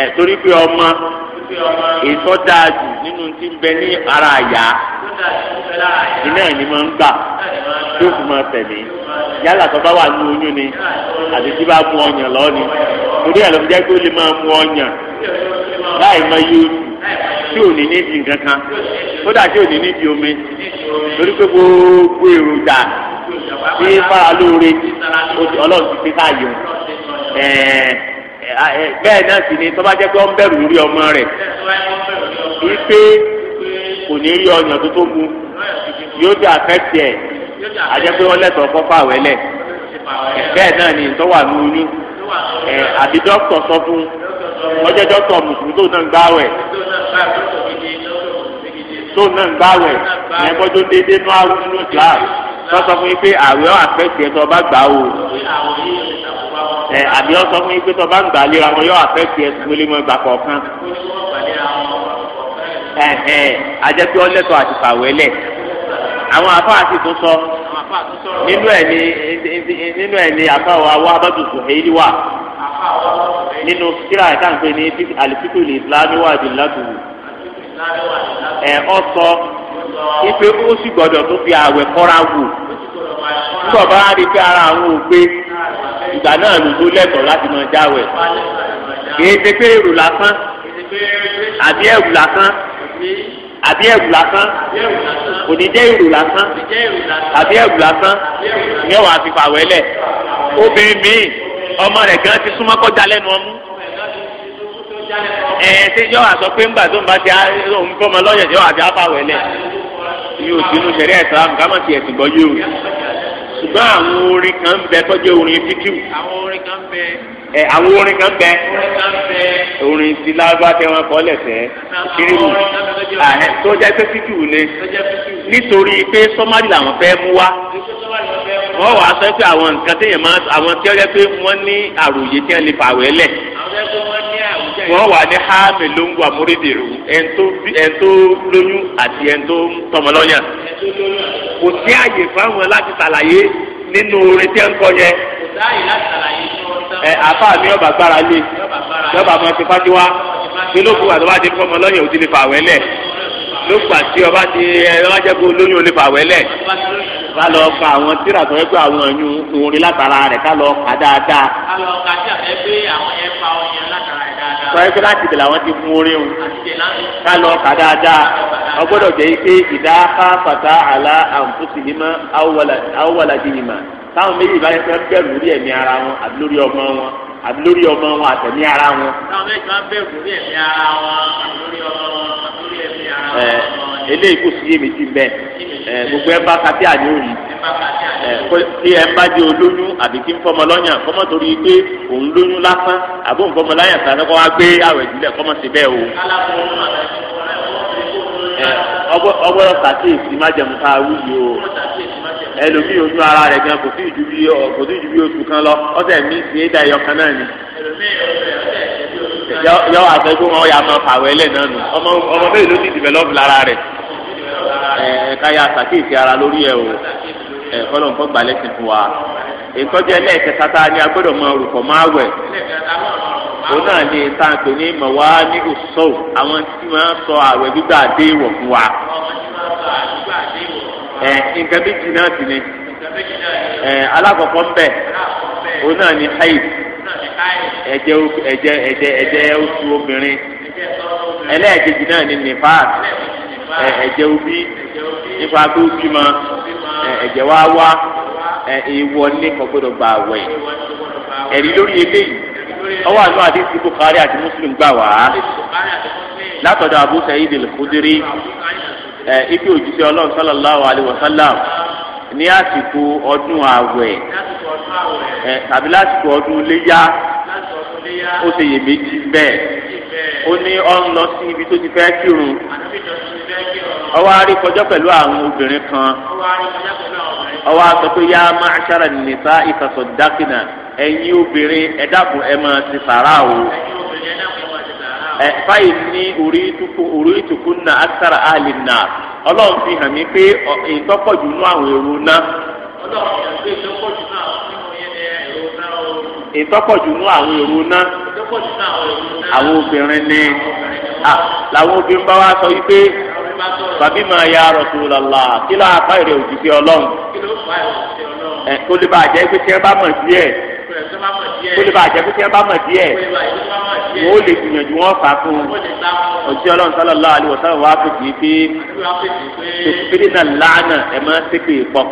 ẹ̀ torí pé ọmọ ìtọ́jà jù nínú ti ń bẹ ní ara àyà. iná ẹ̀ ni máa ń gbà tó fi máa tẹ̀lé yálà tó bá wà ní oyún ni àti tí bá mú ọyàn lọ ni torí ẹ̀ ló fi jẹ́ pé ó lè máa mú ọyàn láì mọ iye oṣù tí ò ní níbi nǹkan kan kódà tí ò ní níbi omi torí pé gbogbo èròjà tí fara lóore ọlọ́run ti fi bẹ́ẹ̀ náà sì ni pé ó ń bẹ̀rù lórí ọmọ rẹ̀ wípé. kò ní rí ọyàn tó tó gun yóò dé àfẹ́tì ẹ̀ àjẹpé wọn lẹ́tọ̀ọ́ kọ́ fàwẹ́ lẹ̀ bẹ́ẹ̀ náà ni ìtọ́wà ní oyún ẹ̀ àbí dókítà sọ fún ọjọ́ dókítà mùsùlùmí tó náà ń gbáwẹ̀ tó náà ń gbáwẹ̀ ẹ̀ bọ́jọ́ déédéé nú àrùn nínú islam tó sọ fún yín pé àwẹ̀ àfẹ́tì ẹ̀ tó bá gbà o ẹ̀ àbí wọ́n sọ fún yín pé tó bá ń gbà lé wọn yóò àfẹ́tì ẹ̀ tó gbélé mọ́ ìgbà kọ̀ọ̀kan ẹ̀hẹ̀n ajẹ́pẹ́ ọlẹ́tọ̀ àti fàwẹ́lẹ̀ àwọn afa àti tó sọ nínú ẹ̀ ní nínú ẹ̀ ní afa wa wa abadu suhaili wa nínú kíra ẹ̀ka ń pè ní alifikul islami wa abilatu ẹ̀ ọ̀sọ́ ipe ó sì gbọ́dọ̀ tó fi àwẹ̀ kọ́ra wù nígbà bá rí pé ara àwọn ò gbé ìgbà náà ló tó lẹ́tọ̀ọ́ láti máa jáwẹ̀ kì í ṣe pé èrò lásán àbí ẹ̀rù lásán àbí ẹ̀rù lásán kò ní jẹ́ ìrù lásán àbí ẹ̀rù lásán ní ọ̀wà àti fàwẹ́lẹ̀ obìnrin míì ọmọ rẹ̀ gan ti súnmọ́ kọjá lẹ́nu ọmú ẹ̀ ẹ́ ṣe yọ àsọ pé ńgbà tó ń bá ti ń fọmọ lọ́yẹ̀ yọ àti àfàwẹ́lẹ̀ yóò sínú sẹ̀rí ẹ̀sán àmì ká má ti ẹ̀sìn gbọ́ yóò ṣùgbọ́n àwọn orin kan ń bẹ tọ́jú orin fíkìrì. àwọn orin kan ń bẹ ẹ àwọn orin kan bẹ orin ti lágbá tẹ wọn kọ lẹsẹ kirimu àhẹ tó jẹ pé fífìwù ni nítorí pé sọmárì làwọn fẹ́ mú wá wọn wà á sọ pé àwọn nǹkan téèyàn máa àwọn tí wọn jẹ pé wọn ní àròyé tí wọn lè fàwẹ́ lẹ̀ wọn wà ní hàmì ló ń wà múrídìrú ẹn tó lóyún àti ẹn tó tọmọlọ́yàn kò sí àyè fáwọn láti ṣàlàyé nínú orin tí wọn kọ yẹn ẹ àfa mi ọba gbára lé yọba máa ti fájú wá ṣe ló kú àti ọba ti fọmọ lọ́yìn òtí lè fà wẹ́lẹ̀ ló gbà tí ọba ti ẹ ọba jẹ́ kó lóyún olè fà wẹ́lẹ̀ ká lọ ka àwọn tíra tó yẹ pé àwọn ẹ̀yún orin látara rẹ̀ ká lọ kà dáadáa. ká lọ ka sí àfẹ́ pé àwọn ẹ̀ fa ọyàn látara rẹ̀ dáadáa. sọ ẹgbẹ́ láti bẹ̀rẹ̀ àwọn ti fún orin o. ká lọ kà dáadáa. ọgbọ́dọ̀ jẹ́ ike ìdá ká fàtà àlà àǹfóṣìlímà àwọ̀làdìyìmà táwọn méjì bá yẹn fẹ́ bẹ̀rù lórí ẹ̀mí ara wọn àbí lórí ọmọ wọn àbí lórí ọmọ wọn àtẹ̀mí ara wọn. táwọn méjì bá bẹ̀rù lórí ẹ̀mí ara wọn àbí lórí ọmọ wọn lórí ẹ̀mí ara wọn. ẹ eh, eléyìí kò sí èmi ti bẹ ẹ eh, gbogbo ẹ bá kàtí àní òrì ẹ eh, kí ẹ bá di olóyún àbí kí n fọmọ lọ́yàn kọ́mọ torí pé òun lóyún lásán àbó n fọmọ lọ́yàn kọ́ wá gbé àwẹ̀ ìdílé kọ́mọ sí bẹ́ẹ̀ o. ọgbọ́dọ̀ kàtí ìsìmájẹ̀mú ká wúyò o ẹlòmíì ojú ara rẹ̀ gan kò sí ju bí kò sí ju bí oṣù kan lọ ọ̀sẹ̀ mi sì é da ẹyọ kan náà ni. yọ àfẹ́gbọ́n wọn yà máa fàwọ́ ẹlẹ́ náà nù ọmọ ọmọ bẹ́ẹ̀ ló ti develop lára rẹ̀ ẹ̀ ká yà sàkíyèsí ara lórí ẹ̀ o ẹ̀ kọ́lọ̀ nǹkan gbà lẹ́sìn fún wa ìkọjá ẹlẹ́ẹ̀kẹta tá a ní agbọ́dọ̀ mọ orúkọ máa wẹ̀ òun náà lè ta pé ní mọ̀wá ní òṣòwò àwọn tí wọ́n sọ àwẹ̀ gbígbà dé ìwọ̀ fún wa ẹ nǹkan méjì náà sì ni ẹ alákọ̀ọ́kọ́ ń bẹ̀ òun náà ni haid ẹ̀jẹ̀ ẹ̀jẹ̀ ẹ̀jẹ̀ ẹ̀jẹ̀ oṣù obìnrin ẹlẹ́ẹ̀kejì náà ni nifas ẹ̀jẹ̀ obi nípa pé ó bímọ ẹ̀jẹ̀ wá wá ìwọ ní kò gbọdọ̀ gbà ẹ̀rí lórí eléyìí ọwọ́ àná àdéhùn Bukhari àti Muslim gbà wá látọ̀dọ̀ Abu Sa'id al ẹ ipe òjíṣẹ́ Ọlọ́run sallallahu alaihi wasallam ní àsìkò ọdún àwẹ̀ ẹ tàbí lásìkò ọdún léyà ó ṣe iyèméjì bẹ́ẹ̀ ó ní ọ ń lọ sí ibi tó ti fẹ́ kírun ọwọ́ arí kọjọ́ pẹ̀lú àwọn obìnrin kan ọwọ́ aṣọ pé yá máa ṣára nìta ìfàsọ̀dákìnà ẹ̀yin obìnrin ẹ̀dàkùn ẹ̀ máa ti sàrà o. fáyì eh, ní Ori ìtukùn náà aksara àlè náà ọlọ́run fi hàn mí pé ìtọ́pọ̀jù nú àwọn èrò náà. ìtọ́pọ̀jù sọ pé ya Rasulullah kí kila kí ló fà ìrẹ̀ òjì ọlọ́run. kó lè bá àjẹ́ pé bá mọ̀ díẹ̀ wọ́n ó lè gbìyànjú wọn fà fún un ọlọ́run sálọ lọ́wọ́ àlè wọ́sán wàá pè kì í pé tòkìtìrì náà lánà ẹ̀ máa ń ṣépè pọ̀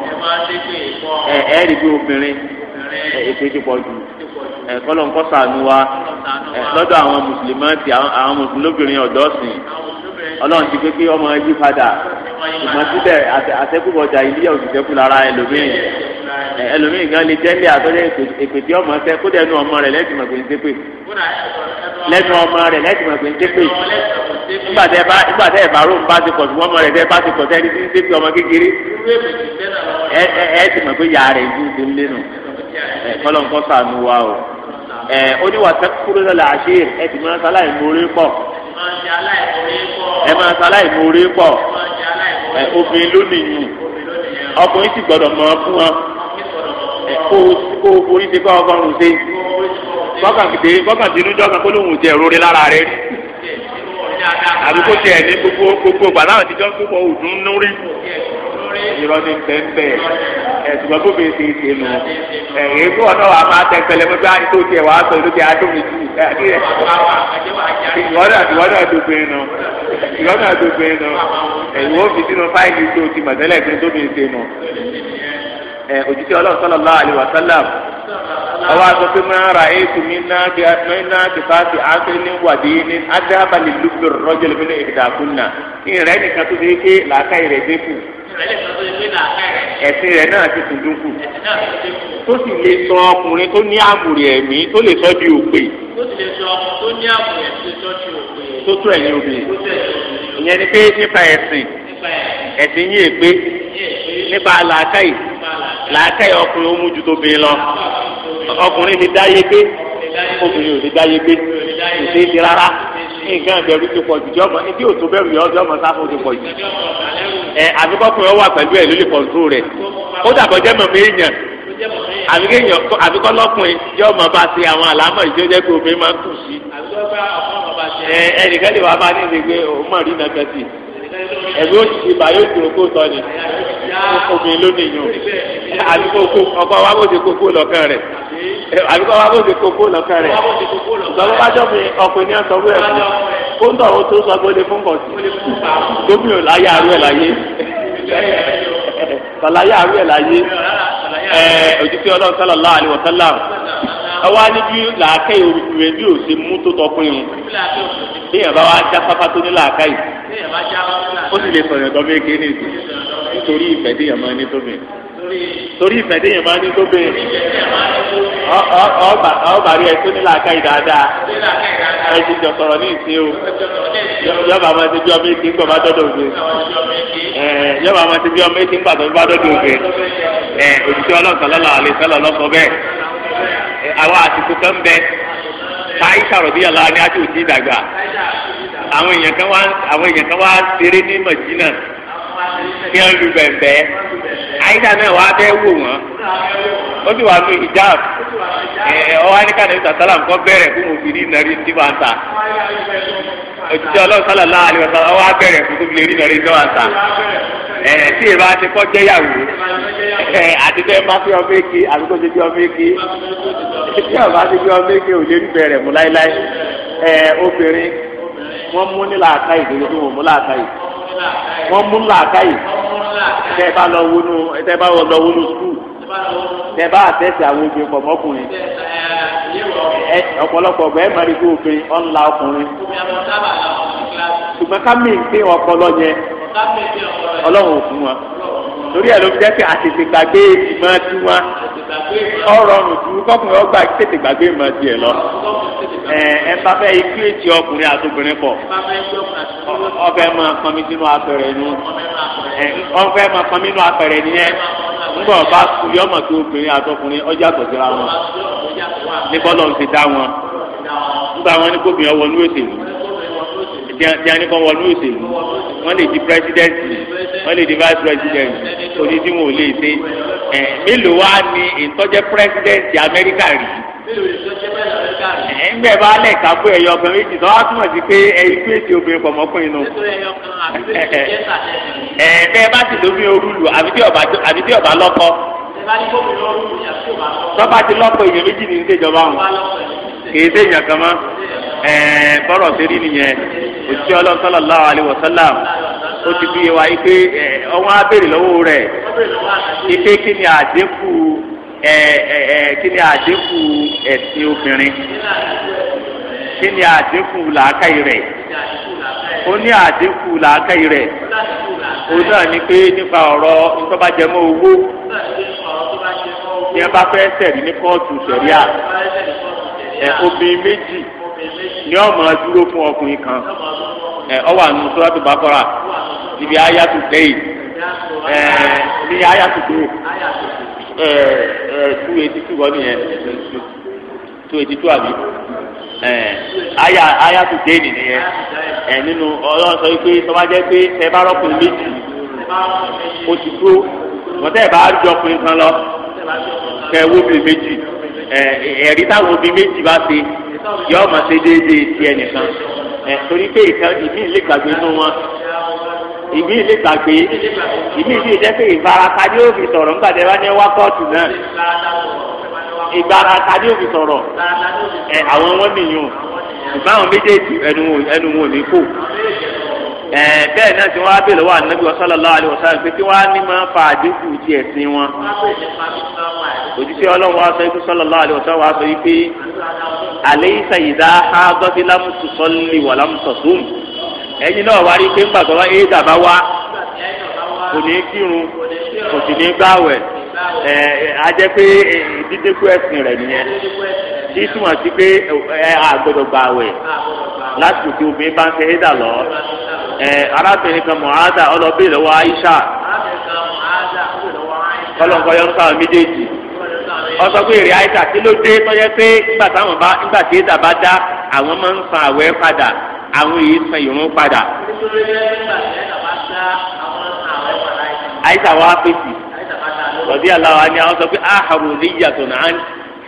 ẹ̀ ẹ́ rí bí obìnrin ètò ti pọ̀ jù kọ́lọ̀ ń kọ́ sànù wa lọ́dọ̀ àwọn mùsùlùmí àti àwọn mùsùlùmí obìnrin ọ̀dọ́ sìn ọlọ́run ti pé kí ọmọ yí padà ìmọ̀ síbẹ̀ àtẹ́kùbọ̀jà ìlíyà òṣìṣẹ́kù ẹlòmíì gan lè jẹ́ ní àtọ́jọ́ ìpètè ọmọ ṣẹ́ kó dẹnu ọmọ rẹ̀ lẹ́sìn mọ̀ pé ń ṣépè lẹ́nu ọmọ rẹ̀ lẹ́sìn mọ̀ pé ń ṣépè nígbà tẹ́ ẹ bá rò ń bá ti pọ̀ ṣùgbọ́n ọmọ rẹ̀ tẹ́ bá ti pọ̀ sẹ́ni tí ń ṣépè ọmọ kékeré ẹ ẹ ti mọ̀ pé yà rẹ̀ ju ti ń lénu ẹ kọ́lọ́ nǹkan sànù wa o ẹ oníwàtẹ́ kúrò lọ́la àṣẹ ẹ ti máa ń sáláì mórí pọ̀ ẹ máa ń sáláì mórí pọ̀ ẹ obìnrin lónìí yùn ọkùnrin sì gbọ́dọ̀ mọ̀ fún wọn kó kó orí ṣe kọ́ ọgọ́rùn-ún ṣe kọ́kàndé kọ́kàndínlójọ́ kan kó lóun jẹ òróró lára rẹ àbí kó tiẹ̀ ní gbogbo gbogbo gbàdá àti jọ́ pípọ̀ òdùn núrí irọ́ ní pẹ́ńpẹ́ ẹ̀sùnmọ́ tó fi ṣe ṣe nù ẹ̀yìn tó ọ̀nà wa máa tẹ mọ́ bá tó tiẹ̀ wàá sọ lókè adómi jù ìwọ náà ìwọ e nù ìwọ náà e nù ẹ̀yìn ó fi sínú fáìlì tó ti mọ̀tẹ́lẹ̀ òjijì ọlọ́run sallallahu alaihi wa sallam ọwọ́ aṣọ pé máa ra ètò mi náà bí mi náà ti bá ti àṣẹ ní wàdí ní adábàlì lùbìrì rọ́jò lómi ní ìdàkúnà ìrẹ́ nìkan tó ṣe pé làákà ìrẹ́ dé kù ẹ̀sìn rẹ̀ náà ti tún dúnkù tó sì lè sọ ọkùnrin tó ní àmùrè ẹ̀mí tó lè sọ di òpè tó sì lè sọ ìyẹn ni pé nípa ẹ̀sìn ẹ̀sìn yìí èpè nípa làákàyè làákàyè ọkùnrin ó mú ju tóbi lọ ọkùnrin lè dá yé gbé obìnrin ò lè dá yé gbé kò sí ti rárá nǹkan ìbẹ̀rù ti pọ̀ jù jọmọ ibi òtó bẹ̀rù yọ jọmọ sáfù ti pọ̀ jù ẹ àfikọ́kùnrin ọwọ́ àpẹ̀lú ẹ̀ ló lè kọ̀ǹtró rẹ̀ ó dàbọ̀ jẹ́ mọ̀ méèyàn àfikọ́ lọ́kùnrin yọ ọmọ bá ti àwọn àlámọ̀ ìjọ jẹ́ pé obìnrin máa ń kù sí. ẹ ẹnìkan lè wá bá ní ìdígbé òun mọ̀ rí nàkẹ́sì ẹ̀mí ó ti ṣe bàyó kúrò kó ni obìnrin ló ní yun àdúgbò ọkọ wa bó ti kókó lọ́kàn rẹ̀ àdúgbò wa bó ti kókó lọ́kàn rẹ̀ ìtọ́jú bá jọ́ mi ọkùnrin ní ọ̀sán wúrẹ́ fún kó ń tọ̀wọ́ tó sọ pé ó lè fún bọ̀ sí gómìnà láyé àrú ẹ̀ láyé sàlàyé àrú ẹ̀ láyé ẹ̀ òjútì ọlọ́run sallallahu alaihi wasallam ọwọ́ níbi làákẹ́ ìròyìn bí o ṣe mú tó tọkùn irun bí yàrá wa já pápá tó ní làákẹ́ yìí ó sì lè sọ̀rọ̀ ẹ̀dọ́ méje ní ìsìn torí ìfẹ́ téèyàn máa ní tóbi torí ìfẹ́ téèyàn máa ní tóbi ọba rí ẹ tó ní làákà ìdáadáa ẹ ti jọ sọ̀rọ̀ ní ìsìn o yọba máa ti bí ọmọ ètí ń gbọ́ bá dọ́dọ̀ ògbé yọba máa ti bí ọmọ ètí ń pàtó bá dọ́dọ̀ ògbé òtítọ́ ọlọ́sàn lọ́la àlè sẹ́lọ̀ lọ́sọ bẹ́ẹ̀ àwọn àsìkò kan bẹ táyísà rọ̀bí ni a ti ò tí ì dàgbà àwọn kí wọ́n bẹ̀bẹ̀ bẹ̀m̀bẹ́ àyíká náà wàá bẹ́ẹ̀ wò wọ́n ó sì wà lu hijab ọwọ́ àyíká náà nǹkan bẹ̀rẹ̀ fún òbírí nàrí ta ọlọ́run fún nàrí ta tí ìbá ti kọ́ jẹ́yàwó ẹ àti tẹ́ bá fi ọmọ eke ti fi ọmọ eke tí ọba ti fi ọmọ eke ò lè bẹ̀rẹ̀ mú láéláé obìnrin wọ́n mú wọ́n mú làákà yìí tẹ́ ẹ bá lọ wọnú tẹ́ ẹ bá lọ wọnú skul tẹ́ ẹ bá àtẹ́sí àwọn obìnrin pọ̀ mọ́kùnrin ọ̀pọ̀lọpọ̀ ọ̀gbẹ́ mẹ́rin kó obìnrin ọ̀nla ọkùnrin ṣùgbọ́n ká mi ń pín ọpọlọ yẹn ọlọ́run ò fún wa. torí ẹ̀ ló fi jẹ́ pé àtètè gbàgbé ìmọ̀ tí wọ́n ọ̀rọ̀ ọ̀dùn ọgbà tètè gbàgbé ìmọ̀ tiẹ̀ lọ. ẹ bá fẹ́ ikú ètí ọkùnrin àtòbìnrin pọ̀ ọbẹ̀ máa pọn sínú apẹ̀rẹ̀ nu ọbẹ̀ máa ńgbọ̀ bá ọmọ tó obìnrin àtọkùnrin ọjà tọ̀síra wọn ti dá wọn wọn ní kóbìnrin ọwọ́ nú ètè tíyàntíyàn ní kan wọnú òṣèlú wọ́n lè di pírẹsidẹ́ǹtì wọ́n lè di vice president òní tí wọn ò lè ṣe ẹ̀ mélòó wá ní ìtọ́jẹ́ pírẹsidẹ́ǹtì amẹ́ríkà rí ẹ̀ ń bẹ̀ bá lẹ̀ ká fún ẹ̀yọ ọkùnrin méjì tó wá túmọ̀ sí pé ẹ̀yí tó èsì obìnrin pọ̀ mọ́kùnrin nù. ẹ̀ bẹ́ẹ̀ bá ti lómi orúlu àbí tí ọba lọ́kọ. tọ́ba ti lọ́kọ èèyàn méjì ní ìṣèjọba wọn kì í ṣèèyàn kan mọ́. ẹ̀ẹ́ bọ́rọ̀ ṣe rí nìyẹn òṣìṣẹ́ ọlọ́sọ́lọ́ láwọn àlewọ̀ sálàm ó ti fi wa ipe ọwọ́n abèrè lọ́wọ́ rẹ̀ ipe kí ni àdínkù kí ni àdínkù ẹ̀sìn obìnrin kí ni àdínkù làákàyè rẹ̀ ó ní àdínkù làákàyè rẹ̀ òun náà ni pé nípa ọ̀rọ̀ ìtọ́bàjẹmọ́ owó ní ẹ bá fẹ́ sẹ̀rí ní kóòtù sẹ̀ríà obìnrin méjì. ni ọ máa dúró fún ọkùnrin kan ẹ ọwọ àánú sọlátù bàkọrà níbi ayatu tẹyì ẹ ní ayatu tó ẹ ẹ tú etí tú wọn nìyẹn tú etí tú àbí ẹ aya ayatu tẹyì nìyẹn ẹ nínú Ọlọ́run sọ pé sọmájẹ pé ẹ bá rọpò méjì o ti tó wọn tẹ ẹ bá jọ pé nǹkan lọ kẹ wo bí méjì ẹ ẹrí táwọn bí méjì bá ṣe yọ ọmọ ṣe déédéé ti ẹnìkan ẹ torí pé ìmí lè gbàgbé nínú wọn ìmí lè gbàgbé ìmí sì jẹ́ pé ìfarapa ni ó fi sọ̀rọ̀ nígbà tí ẹ bá ní wá kóòtù náà ìgbarata ni ó fi sọ̀rọ̀ ẹ àwọn wọn nìyẹn ìbáwọn méjèèjì ẹnu wọn ò ní kó ẹ bẹ́ẹ̀ náà tí wọn á bèèrè wà nàbí sallallahu alaihi wasallam pé kí wọn á ní máa fa àdínkù ti ẹ̀sìn wọn. òjíṣẹ́ Ọlọ́run wa sọ ikú sallallahu alaihi wasallam wa sọ yìí pé alaysa idha hadati lam tusalli wa lam tasum. ẹ̀yin náà wá rí pé ńgbà wá é dàbá wá kò ní kírun kò sì ní gbàwẹ̀ ẹ ajẹ́ pé eh, dídékù ẹ̀sìn rẹ̀ nìyẹn. tí túmọ̀ sí pé ẹ àgbọ̀dọ̀ gba àwẹ̀ láti òkè obìnrin bá ń ṣe lọ ẹ arábìnrin kan mọ̀ádà ọlọ́bẹ̀ lọ́wọ́ Aisha kọ́lọ́nkọ́ yọ sáwọn méjèèjì ọsọ pé èrè Aisha tí ló dé tọ́jẹ́ pé nígbà táwọn bá nígbà tí édà bá dá àwọn máa ń san àwẹ̀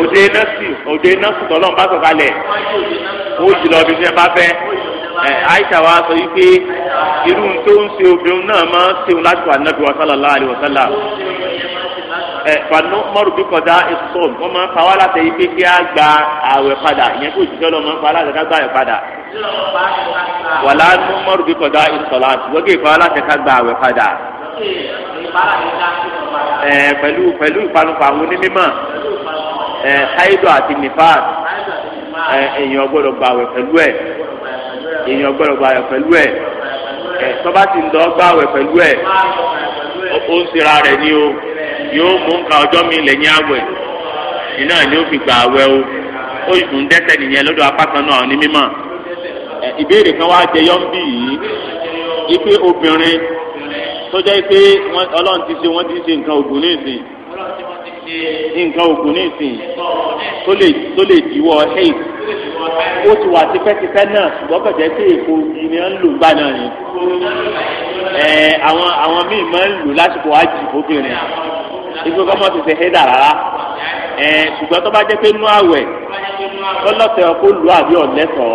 òde nọ́ọ̀sì òde nọ́ọ̀sì tọ́lọ́mù bá sọ̀kalẹ̀ ó jù lọ bí sẹ́ bá fẹ́ àyíṣà wa sọ yìí pé irú tó ń ṣe obìnrin náà máa ń ṣeun láti wà nàbí sallallahu alaihi wasallam ẹ fanu mọ́rù bí kọjá èso wọ́n máa ń fa wá láti yìí pé kí á gba àwẹ̀ padà ìyẹn tó jùlọ lọ́ máa ń fa láti ká gba àwẹ̀ padà wàlá mọ́rù bí kọjá èso láti wọ́n gé ìfọwọ́ láti ká gba àwẹ̀ padà ẹ pẹ̀lú pẹ̀lú ìpanupọ̀ àwọn onímọ̀. Eh, haidu àti nifas èyàn eh, èèyàn gbọ́dọ̀ gbàwẹ̀ pẹ̀lú ẹ èèyàn gbọ́dọ̀ gbàwẹ̀ pẹ̀lú ẹ ẹ tọba ti ń lọ gbàwẹ̀ pẹ̀lú ẹ ń sira rẹ ni o yóò mú nǹkan ọjọ́ mi lẹ́yìn àwẹ̀ iná ni ó fi awẹ o ó ìdùn dẹ́ṣẹ̀ nìyẹn lọ́dọ̀ apá kan náà ní mímọ́ eh, ìbéèrè kan wá jẹ yìí ipe obìnrin tó nǹkan ògùn ní ìsìn tó lè diwọ́ eight ó ti wà tipẹ́tipẹ́ náà ṣùgbọ́n kẹ̀kẹ́ tí èkó yìí ni wọ́n ń lò gbà náà ni àwọn àwọn míì máa ń lò lásìkò àjì obìnrin ibi kọ́mọ́ ti ṣe hédà rárá ṣùgbọ́n tó bá jẹ́ pé nú àwẹ̀ lọ́lọ́tẹ̀ ọkọ̀ lù àbí ọ̀lẹ́sọ̀ọ́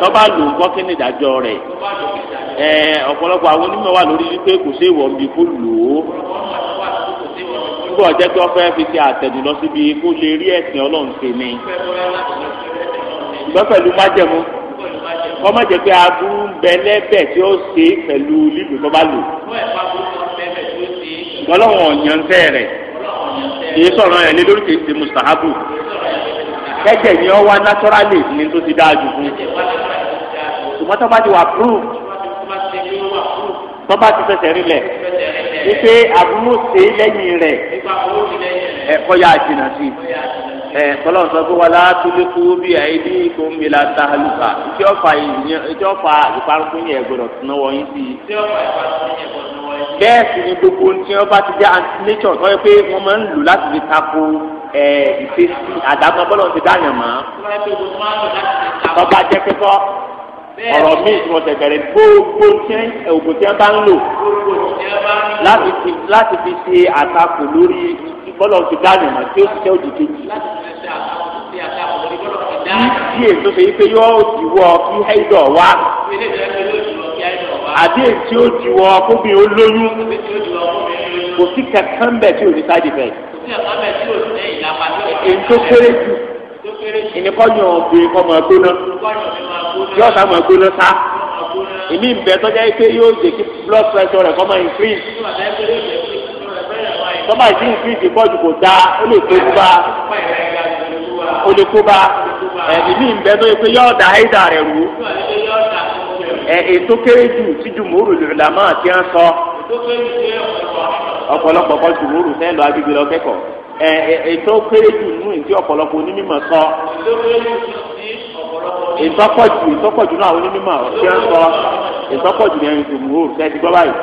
tọ́ba lò ń kọ́ kí ni ìdájọ́ rẹ̀ ọ̀pọ̀lọpọ̀ àwọn onímọ̀ wà lórí wípé kò sí ìwọ̀n bí kò lò ó pé ọ̀jẹ́ pé ọ̀fẹ́ fi ti àtẹ̀dùn lọ síbi kó lè rí ẹ̀sìn ọlọ́run ṣe ni ṣùgbọ́n pẹ̀lú májẹ̀mú kọ́ má jẹ́ pé aburú ń bẹ lẹ́bẹ̀ tí ó ṣe pẹ̀lú lílù tó bá lò ọlọ́run ọ̀yànfẹ́ rẹ̀ kìí sọ̀rọ̀ ẹ̀ lé lórí kìí ṣe mustahabu kẹ́jẹ̀ ni ọ wá naturally ní tó ti dáa jù fún ṣùgbọ́n tó bá ti wà proof tó bá ti fẹsẹ̀ rí lẹ̀ wípé àbúrò ṣe lẹ́yìn rẹ̀ ẹ̀kọ́ yà jìnnà sí ẹ̀ kọ́lọ́n sọ pé wọ́n lá túlé kú bí àìdí kò ń bela ta lùkà tí ó fa tí ó fa ìparun yẹn gbọdọ̀ tún wọ yín sí i. bẹ́ẹ̀ sì ni gbogbo tí wọ́n bá ti jẹ́ antination tó yẹ pé wọ́n máa ń lò láti fi tako ìfesí àdámọ́ bọ́lọ̀ ti dáyàn mọ́. tọ́ba jẹ́ pé ọ̀rọ̀ míì tí wọ́n tẹ̀ bẹ̀rẹ̀ gbogbo ògùn tí wọ́n bá ń lò láti fi ṣe àtakò lórí bọ́lọ̀ ti dá nìyẹn tí ó ti tẹ́ òdì kejì. Ìdí èso ṣe pé yóò diwọ́ kí Haidọ̀ wá. Àdé tí ó diwọ́ kóbi ó lóyún. Kò sí kankan bẹ̀ tí ò ní side effect. Kò sí kankan bẹ̀ tí ò ní ìlànà tí Èyí tó kéré jù ìníkọ́yọ̀ ọ̀gbìn kọ́ máa gbóná yóò sá máa gbóná sá ìmí ìbẹ̀ tọ́jà yìí pé yóò jẹ́ kí blood pressure rẹ̀ kọ́ máa increase tọ́ba ìdí increase pọ̀jù kò dáa ó lè tó bá ó lè kó bá ìmí ìbẹ̀ tó yẹ pé yóò dá ẹ̀dà rẹ̀ rú ètò kéré jù tí jùmọ̀rù lùlámà ti ń sọ ọ̀pọ̀lọpọ̀ kọ́ jùmọ̀rù fẹ́ lọ agbègbè lọ kẹ́kọ̀ọ́ ètò kéré jù nínú ìdí ọ̀pọ̀lọpọ̀ onímọ̀ sọ. ìtọ́pọ̀jù ìtọ́pọ̀jù náà àwọn onímọ̀ ṣe ń sọ ìtọ́pọ̀jù ní ẹni tòmùhó kẹ́ẹ̀dì gbọ́ báyìí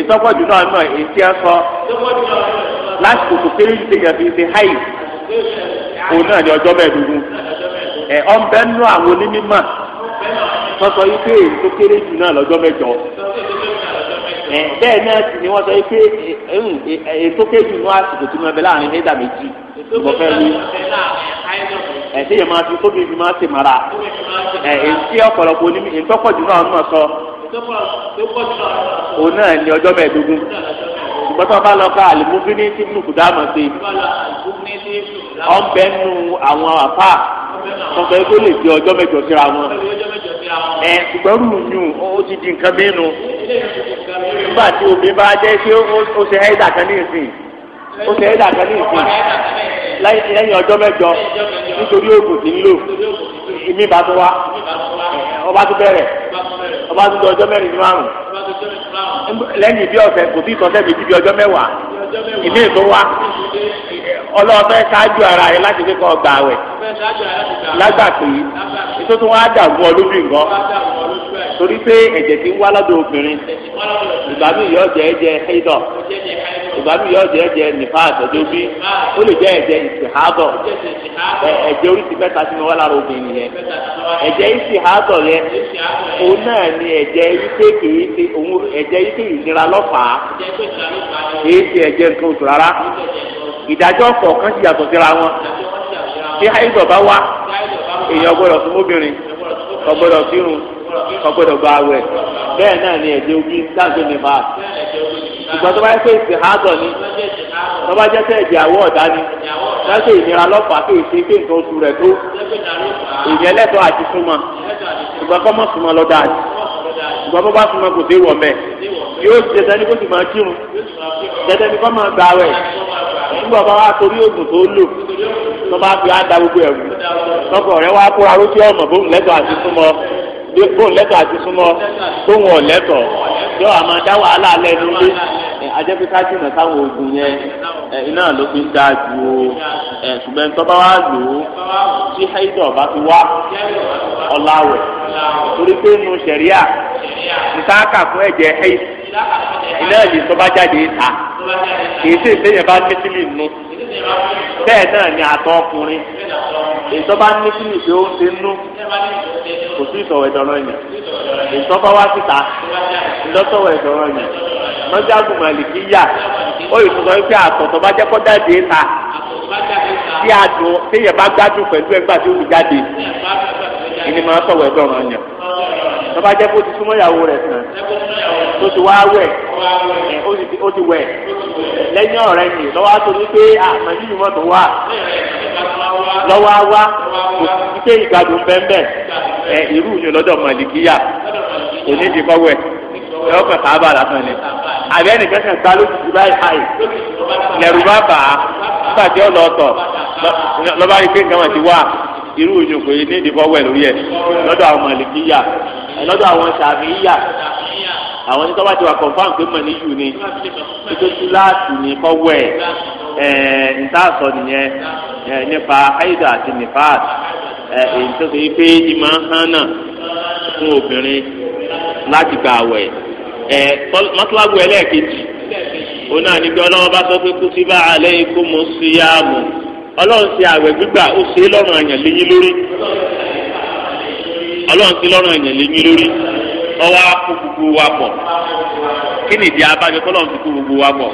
ìtọ́pọ̀jù náà náà èsì ẹ sọ lásìkò tó kéré jù tẹ̀yà fi ṣe háì òun náà ní ọjọ́ mẹ́ẹ̀ẹ́dógún ẹ̀ ọ̀nbẹ́nu àwọn onímọ̀ sọ́sọ yìí pé èyí tó kéré jù náà lọ́jọ́ mẹ́jọ bẹ́ẹ̀ náà sì ni wọ́n sọ pé ètò kéjì ní àsìkò tí wọ́n bẹ láàrin nígbà méjì mo fẹ́ wí. ẹ̀sìn yẹn máa fi tóbi fi máa ṣe mara èyí ọ̀pọ̀lọpọ̀ onímì ìtọ́pọ̀jù náà náà sọ òun náà ní ọjọ́ mẹ́ẹ̀ẹ́dógún ṣùgbọ́n tó bá lọ ká àlùmọ́fínì tí nùkúdá mọ̀ sí i ọ̀nbẹ nu àwọn àfà sọ̀tọ̀ yìí tó lè di ọjọ́ mẹ́jọ síra wọn. ẹ ṣùgbọ́n rú yùn ó ti di nǹkan mẹ́nu. nígbà tí obìnrin bá jẹ́ pé ó ṣe ẹ́dà kan ní ìsìn ó ṣe ẹ́dà kan ní ìsìn lẹ́yìn ọjọ́ mẹ́jọ nítorí oògùn tí ń lò ìmí bá tó wá ọba tó bẹ̀rẹ̀ ọba tó di ọjọ́ mẹ́rin ní márùn-ún lẹ́yìn bí ọ̀sẹ̀ kò sí ìtọ́sẹ̀ méjì bí ọjọ́ mẹ́wàá ìmí ètò wá ọlọ́ọ̀fẹ́ ṣáájú ara rẹ láti fi kọ́ ọgbà àwẹ̀ lágbàpé nítorí tí dàgbù nǹkan torí pé ẹ̀jẹ̀ ti ń wá lọ́dọ̀ obìnrin ìgbà mi yọ jẹ́ ẹ̀jẹ̀ ẹ̀dọ̀ ìgbà mi yọ jẹ́ ẹ̀jẹ̀ nípa àtọ̀jọ́ ó lè jẹ́ ẹ̀jẹ̀ ìsìhábọ̀ ẹ̀jẹ̀ oríṣi mẹ́ta wá lára obìnrin yẹn ẹ̀jẹ̀ ìsìhábọ̀ yẹn òun náà ni ẹ̀jẹ̀ ti ìnira ìdájọ́ kọ̀ọ̀kan sì yàtọ̀ síra wọn tí àìsàn bá wá èèyàn gbọ́dọ̀ fún obìnrin kò fírun kò gba awẹ̀ bẹ́ẹ̀ náà ni ẹ̀jẹ̀ ojú sáàtún ní máa ṣùgbọ́n tó bá yẹ pé ìsìn àádọ́ ni tó bá jẹ́ pé ẹ̀jẹ̀ àwọ̀ ọ̀dá ni lọ́sẹ̀ ìnira lọ́fà pé ìṣe pé nǹkan oṣù rẹ̀ tó ìyẹn lẹ́tọ̀ọ́ àti súnmọ́ ṣùgbọ́n kọ́ mọ̀ súnmọ́ lọ́dà àti ṣùgbọ́n bó bá súnmọ́ kò dé wọ̀ mẹ́ yóò ṣe sẹ́ni kó sì máa kírun sẹ́ni kó máa gbà wẹ̀ nígbà bá wa torí oògùn tó lò tó bá fi àdá gbogbo ẹ̀ wá kóra ọmọ bóun lẹ́tọ̀ àti súnmọ́ bóun lẹ́tọ̀ àti súnmọ́ tóun lẹ́tọ̀ yọ àmọ́ dá wàhálà lẹ́nu lé ajẹ́pẹ́ká yẹn iná ló fi ń da ju o ṣùgbọ́n tó bá wá lò ó tí haidọ̀ bá fi wá torí pé nu sẹ̀ríà kìí sì téèyàn bá ní sílì nù bẹ́ẹ̀ náà ni àtọ̀ ọkùnrin ètò bá ní sílì tí ó ń ṣe nù kò sí ìsọ̀wọ̀ ìdọ̀rọ̀ yẹn ètò bá wá síta ìlọ́sọ̀wọ̀ ìdọ̀rọ̀ yẹn mọ́jáàgùn màlìkì yà ó ìsọ̀rọ̀ wípé àtọ̀tọ̀ bá jẹ́ kọ́ jáde ta tí a dùn téèyàn bá gbádùn pẹ̀lú ẹgbàá tí ó fi jáde ìní máa sọ̀wọ̀ ìdọ̀rọ̀ yẹn tọ́ba jẹ́ kó ti súnmọ́ ìyàwó rẹ̀ tán tó ti wá wẹ̀ ó ti wẹ̀ lẹ́yìn ọ̀rẹ́ yìí lọ́wọ́ tó ní pé àmọ́ yìí mọ̀ tó wà lọ́wọ́ wá kò sí pé ìgbádùn bẹ́ẹ̀ ẹ irú yìí lọ́dọ̀ mọ̀lìkíyà kò ní ti kọ́ wẹ̀ ẹ ọkọ̀ sábà lásán ni àbí ẹnìkan kan gbá lójijì báyìí báyìí lẹ́rù bá bà á nígbà tí ó lọ tọ̀ lọ́ba rí pé nǹkan wọn ti wà irú ìjòkó yìí ní ìdíkọ́wẹ̀ lórí ẹ̀ lọ́dọ̀ àwọn màlìkíyà lọ́dọ̀ àwọn sàmìyà àwọn tí tọ́wá ti wà kọ̀ǹfàm pé mọ̀ níyù ni títí láti ní kọ́wẹ̀ ẹ̀ ntàsọ nìyẹn nípa àìdà àti nìfàt ẹ̀ èyí tó ṣe pé ìmọ̀ hàn náà fún obìnrin láti gbà wẹ̀ ẹ̀ mọ́tíláàbù ẹlẹ́ẹ̀kejì òun náà ní bí ọlọ́wọ́ bá sọ pé kutiba alaykumus siyamu ọlọ́run ti àwẹ̀ gbígbà ó ṣe lọ́rùn àyàn léyìn lórí ọlọ́run ti lọ́rùn àyàn léyìn lórí ọwọ́ akó gbogbo wa pọ̀ kí ni ìdí abájọ tọ́lọ́run ti kó gbogbo wa pọ̀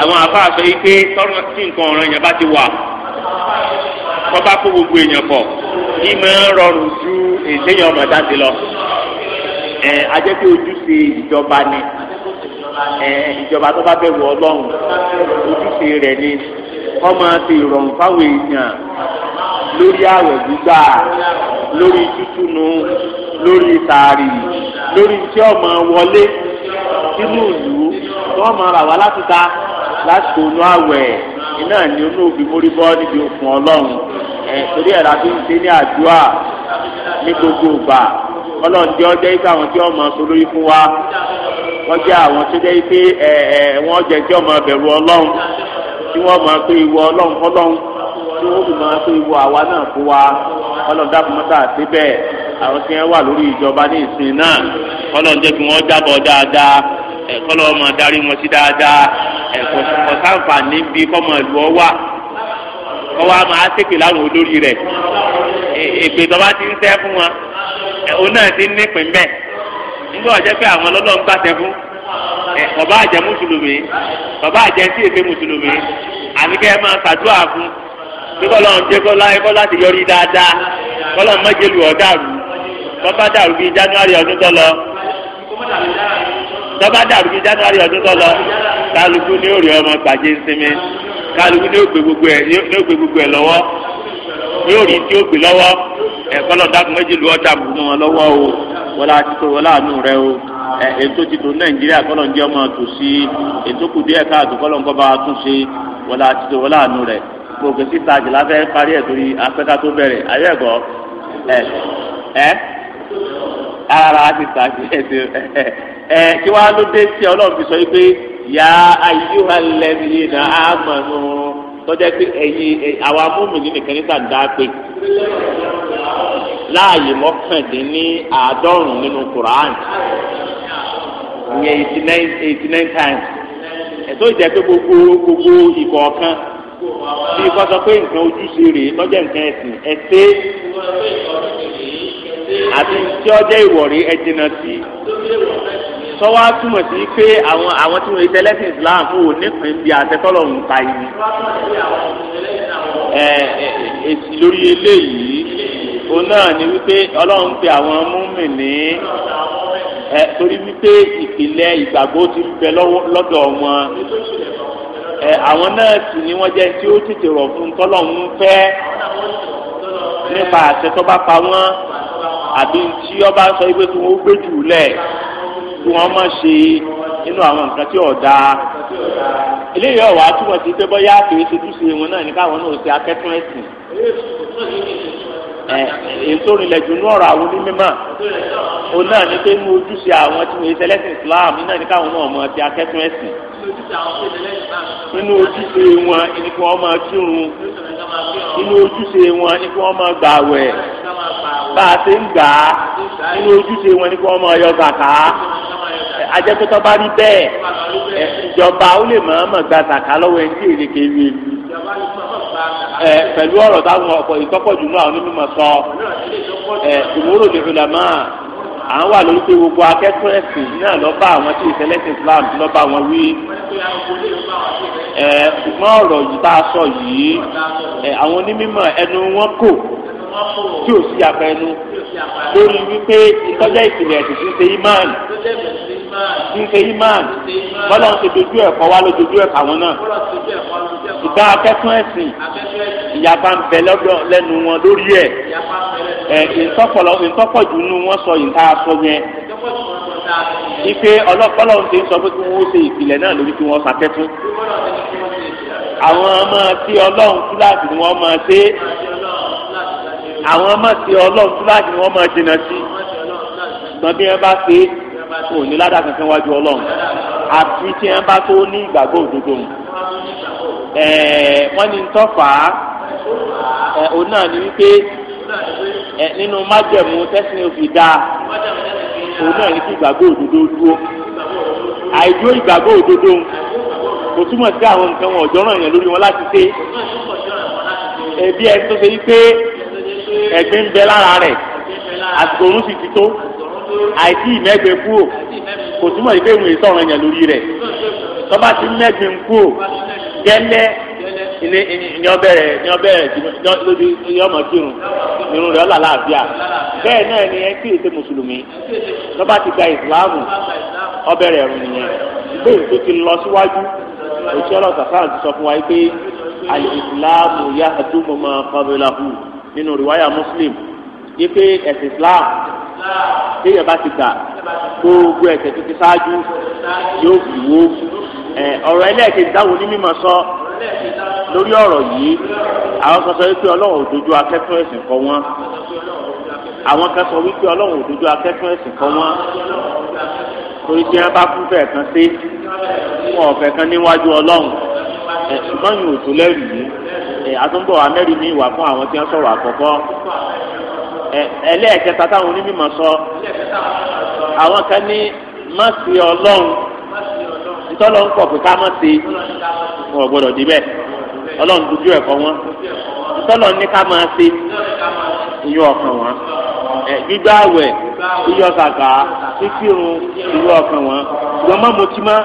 àwọn àbá sọ yìí pé tọ́rọ̀ tí nǹkan ọ̀ràn yẹn bá ti wà kọ́ba kó gbogbo èèyàn pọ̀ kí máa ń rọrùn ju èsèyàn ọmọ jáde lọ ẹ ajẹ́ pé ojúṣe ìjọba ni ìjọba tó bá bẹ̀rù ọlọ́run ojúṣe rẹ̀ ni kọ́ máa ti ìrọ̀rùn fáwọn èèyàn lórí àwẹ̀ gbígbà lórí tútùnú lórí tààrí lórí tí ó máa wọlé sínú ìlú tí wọ́n máa rà wá láti ta láti ònú àwẹ̀ iná ni onú òbí mórí bọ́ níbi òkun ọlọ́run ẹ̀ torí ẹ̀ láti ń ṣe ní àdúrà ní gbogbo ìgbà ọlọ́run jẹ́ ọjọ́ yìí káwọn tí wọ́n máa so lórí fún wa wọ́n jẹ́ àwọn tó jẹ́ pé ẹ̀ ẹ̀ wọ́n jẹ́ tí wọ́n bẹ̀rù ọlọ́run tí wọ́n máa pé ìwọ ọlọ́run fọlọ́run tí wọ́n sì máa pé ìwọ àwa náà fún wa ọlọ́run dákun mọ́tà síbẹ̀ àwọn tí wọ́n wà lórí ìjọba ní ìsìn náà ọlọ́run jẹ́ kí wọ́n jábọ̀ dáadáa ẹ̀kọ́ lọ́wọ́ máa darí wọn sí dáadáa ẹ̀kọ́ sáǹfà níbi kọ́ máa lù ọ́ wà ọwọ́ a máa ṣèpè láwọn olórí rẹ̀ èpè tọ́ba ti ń tẹ́ fún wọn òun náà ti ń nípìn bẹ́ẹ̀ nígbà wọ́n ọba àjẹ mùsùlùmí bàbá àjẹ tí èké mùsùlùmí àníkẹ́ máa ṣàdúrà fún kíkọ́lọ́ ń jẹ́ kọ́lá ẹ̀kọ́ láti yọrí dáadáa kọ́lọ́ ń mẹ́jẹ lù bàbá dàrú bíi january ọdún tó lọ bàbá dàrú bíi january ọdún tó lọ kálukú ní òrì ọmọ gbàjé sinmi kálukú ní ògbé gbogbo ẹ̀ lọ́wọ́ yóò rí tí ó gbé lọ́wọ́ ẹ̀kọ́ lọ dákun méjì lu ọjà bùnú wọn lọ́wọ́ o wọlé àtúntò wọlé àánú rẹ o ètò títò nàìjíríà kọ́ ló ń jẹ́ ọmọ tò sí ètò kù díẹ̀ káàtó kọ́ ló ń kọ́ bá tún ṣe wọlé àtúntò wọlé àánú rẹ gbogbo síta àjìlá fẹ́ parí ẹ̀ torí afẹ́ká tó bẹ̀rẹ̀ ayé ẹ̀kọ́ ẹ̀ ẹ́ ara ti ta ẹ̀ ẹ̀ kí wàá ló dé tí ọlọ́run fi sọ yìí pé yà á ayé wà lẹ́yìn á mọ̀ nù tọ́jà pé ẹ̀yin àwa mọ́mìnì nìkan ní sàǹdà pé láàyè mọ́kàndínní àádọ́rùn-ún nínú Quran ìyẹn eighty nine eighty nine times ẹ̀tọ́ ìjẹ́ pé gbogbo gbogbo ìkọ̀ọ̀kan bí ikọ́ sọ pé nǹkan ojúṣe rèé tọ́jà nǹkan ẹ̀sìn ẹ̀sẹ̀ àti tí ọjọ́ ìwọ̀rí ẹ̀jìnà sí i sọ́wọ́ túmọ̀ sí pé àwọn àwọn tí wọ́n ṣe ẹlẹ́sìn Islam fún onípín bíi àtẹ́tọ́lọ̀ ń ta yìí. ẹ ẹ èsì lórí eléyìí òun náà ni wípé Ọlọ́run pe àwọn múmin ní ẹ torí wípé ìpìlẹ̀ ìgbàgbọ́ ti bẹ lọ́dọ̀ wọn ẹ àwọn náà sì ni wọ́n jẹ́ tí ó tètè rọ̀ fún tọ́lọ́run fẹ́ nípa àṣẹ bá pa wọ́n àbí tí ọba sọ wípé kí wọ́n gbé jù lẹ̀. kí má ṣe inú àwọn nǹkan tí ò dáa eléyìí ọ̀wá túmọ̀ sí pé bọ́yá kìí ṣe túṣe wọn náà ní káwọn náà ṣe akẹ́kọ̀ọ́ ẹ̀sìn ètò ní ọ̀rọ̀ àwọn onímọ̀ òun náà ní pé inú ojúṣe àwọn náà ní káwọn náà mọ̀ ẹ̀sìn inú ojúṣe wọn ni kí wọ́n máa kírun inú ojúṣe wọn ni kí wọ́n máa ajẹ́pẹ́tọ́ bá rí bẹ́ẹ̀ ìjọba ó lè mọ̀ọ́mọ̀ gba sàkà lọ́wọ́ ẹni tí èrè kéwì ẹ pẹ̀lú ọ̀rọ̀ táwọn ọ̀pọ̀ ìtọ́pọ̀jù náà onímọ̀ sọ ẹ ìmúrò lè rìn làmà à ń wà lórí pé gbogbo akẹ́kọ̀ọ́ ẹ̀sìn náà lọ bá àwọn tí ìfẹ́lẹ́sìn Islam lọ bá wọn wí ẹ ṣùgbọ́n ọ̀rọ̀ yìí tá a sọ yìí ẹ àwọn onímọ̀ ẹnu wọn kò tí ò sí àpẹnu lórí wípé ìtọ́jà ìpìlẹ̀ ẹ̀sìn ti ṣe imáàlì ń ṣe imán bọ́lá ń ṣe dojú ẹ̀kọ́ wá ló dojú ẹ̀kọ́ àwọn náà ṣùgbọ́n akẹ́kọ̀ọ́ ẹ̀sìn ìyàbá ń bẹ lọ́dọ̀ lẹ́nu wọn lórí ẹ̀ ẹ̀ ìtọ́pọ̀jù nínú wọn sọ ìta aṣọ yẹn ife ọlọ́pọ̀lọ́ ń ṣe sọ pé kí wọ́n ṣe ìpìlẹ̀ náà lórí kí wọ́n ṣàtẹ́tún àwọn ọmọ tí ọlọ́run kíláàsì ni wọ́n máa ṣe àwọn ọmọ tí ọlọ́run kíláàsì ni wọ́n máa jìnnà sí gbọ́n bí wọ́n bá ṣe é wọn ò ní ládàá kankan wájú ọlọ́run àfi tí wọn bá tó ní ìgbàgbọ́ òdodo wọn ni ntọ́fà òun náà ni wípé nínú májẹ̀mú tẹ́sán òfin dáa òun náà ni kí ìgbàgbọ́ òdodo dúró àìdúró ìgbàgbọ́ òdodo kò túmọ̀ sí àwọn nǹkan wọn ọ̀jọ́ràn yẹn lórí wọn láti ṣe ẹbí ẹni tó ṣe wípé ẹ̀gbin ń bẹ lára rẹ̀ àsìkò òun sì ti tó àìsí ìmẹ́gbẹ́ kúrò kò túmọ̀ sí pé ìwé sọ̀rọ̀ yẹn lórí rẹ̀ tọ́ba ti mẹ́gbẹ́ kúrò gẹ́lẹ́ ilé ní ọbẹ̀rẹ̀ ní ọbẹ̀rẹ̀ lójú ní ọmọ kírun irun rẹ̀ ọ̀là láàbíà bẹ́ẹ̀ náà ni ẹ kí èsè mùsùlùmí tọ́ba ti gba ìsìláàmù ọbẹ̀rẹ̀ ẹ̀rù nìyẹn ìgbé ìlú ti lọ síwájú òṣìṣẹ́ ọlọ́sà sáà ti sọ fún wa pé alìsìláàmù yá àdúgbò máa kọ́ nínú rìwáyà Muslim yí pé ẹ̀sìn Islam téèyàn bá ti gbà gbogbo ẹ̀ṣẹ̀ tó ti ṣáájú yóò fi wó ọ̀rọ̀ ẹlẹ́ẹ̀kejì táwọn onímọ̀ sọ lórí ọ̀rọ̀ yìí àwọn kan sọ wípé ọlọ́run òdodo akẹ́kọ̀ọ́ ẹ̀sìn kọ́ wọn àwọn kan sọ wípé ọlọ́run òdodo akẹ́kọ̀ọ́ ẹ̀sìn kọ́ wọn torí tí wọn bá kú fẹ́ kan sí wọn ọ̀fẹ́ kan níwájú ọlọ́run ẹ̀sùn mọ́yìn òtún lẹ́rù yìí àtúnbọ̀ amẹ́rin ní ìwà fún àwọn tí wọ́n sọ̀rọ̀ àkọ́kọ́ ẹlẹ́ẹ̀kẹta táwọn onímọ̀ sọ àwọn kan ní má sí ọlọ́run ìtọ́lọ́ ń kọ̀ pé ká má sí wọn gbọ́dọ̀ débẹ̀ ọlọ́run dojú ẹ̀kọ́ wọn ìtọ́lọ́ ní ká máa sí ìyọ ọkàn wọn gbígbá àwẹ̀ ìyọ kàkà kíkírun ìyọ ọkàn wọn ṣùgbọ́n má mutí má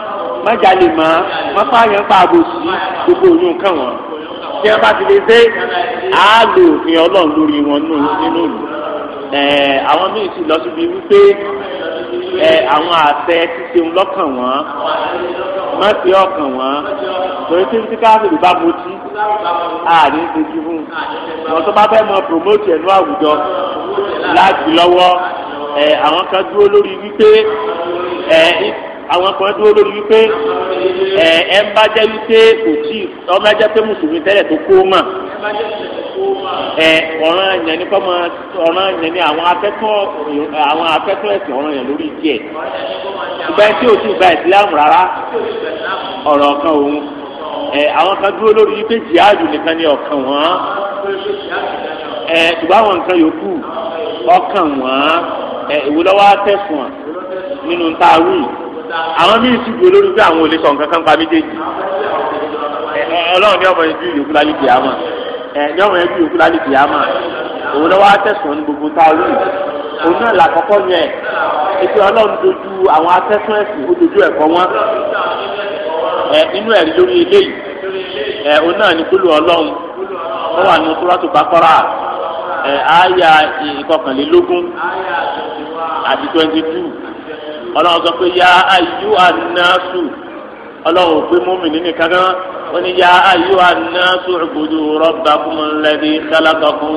má jalè má má fáyàn pa àbòsí gbogbo òyìn kan wọn tí wọn bá ti lè dé àá lo òfin ọlọ́run lórí wọn nínú ìlú àwọn míì sì lọ síbi wípé àwọn àṣẹ ṣíṣe ń lọ́kàn wọ́n mọ́tì ọkàn wọ́n torí tí tí káàkiri bá mutí àní ti jí fún un wọ́n tó bá fẹ́ mọ promote ẹ̀nu àwùjọ láti lọ́wọ́ àwọn kan dúró lórí wípé àwọn kan dúró lórí wípé ẹ ẹ ń bá jẹ́ wípé kò tí ọmọ ẹjẹ́ pé mùsùlùmí tẹ́lẹ̀ tó kó mà ẹ ọ̀ràn ẹ̀yàn ní kọ́mọ ọ̀ràn ẹ̀yàn ní àwọn akẹ́kọ̀ọ́ àwọn akẹ́kọ̀ọ́ ẹ̀sìn ọ̀ràn ẹ̀yàn lórí díẹ̀ ìgbà tí o ti gba ìsìlámù rárá ọ̀rọ̀ òun ẹ àwọn kan dúró lórí yìí pé nìkan ni ẹ ṣùgbọ́n àwọn nǹkan yòókù ẹ ìwúlọ́wọ́ atẹ́sùn nínú àwọn míì sì lórí pé àwọn sọ nǹkan kan pa méjèèjì ọlọ́run ní ọmọ ẹ̀ẹ́dẹ́ eh, ọ̀rọ̀ ẹbí òkú lálẹ́ kìyàmà òun lọ́wọ́ atẹ́sùn ní gbogbo táwọn òun náà làkọ́kọ́ yẹn ètò ọlọ́run dojú àwọn atẹ́sùn ẹ̀sìn ó dojú ẹ̀kọ́ wọn ẹ eh, inú ẹ̀rí lórí eléyìí ẹ eh, òun náà ní kúlù ọlọ́run ó wà ní Sūratu Baqara ẹ àyà ìkọkànlélógún àti twenty two ọlọ́run sọ pé yá ayyuhan nāsu ọlọ́run ò pé mọ́mì nínú kankan oníjà ayú àná sùgbùdù rọ́bà kún lẹ́dí kálákà kún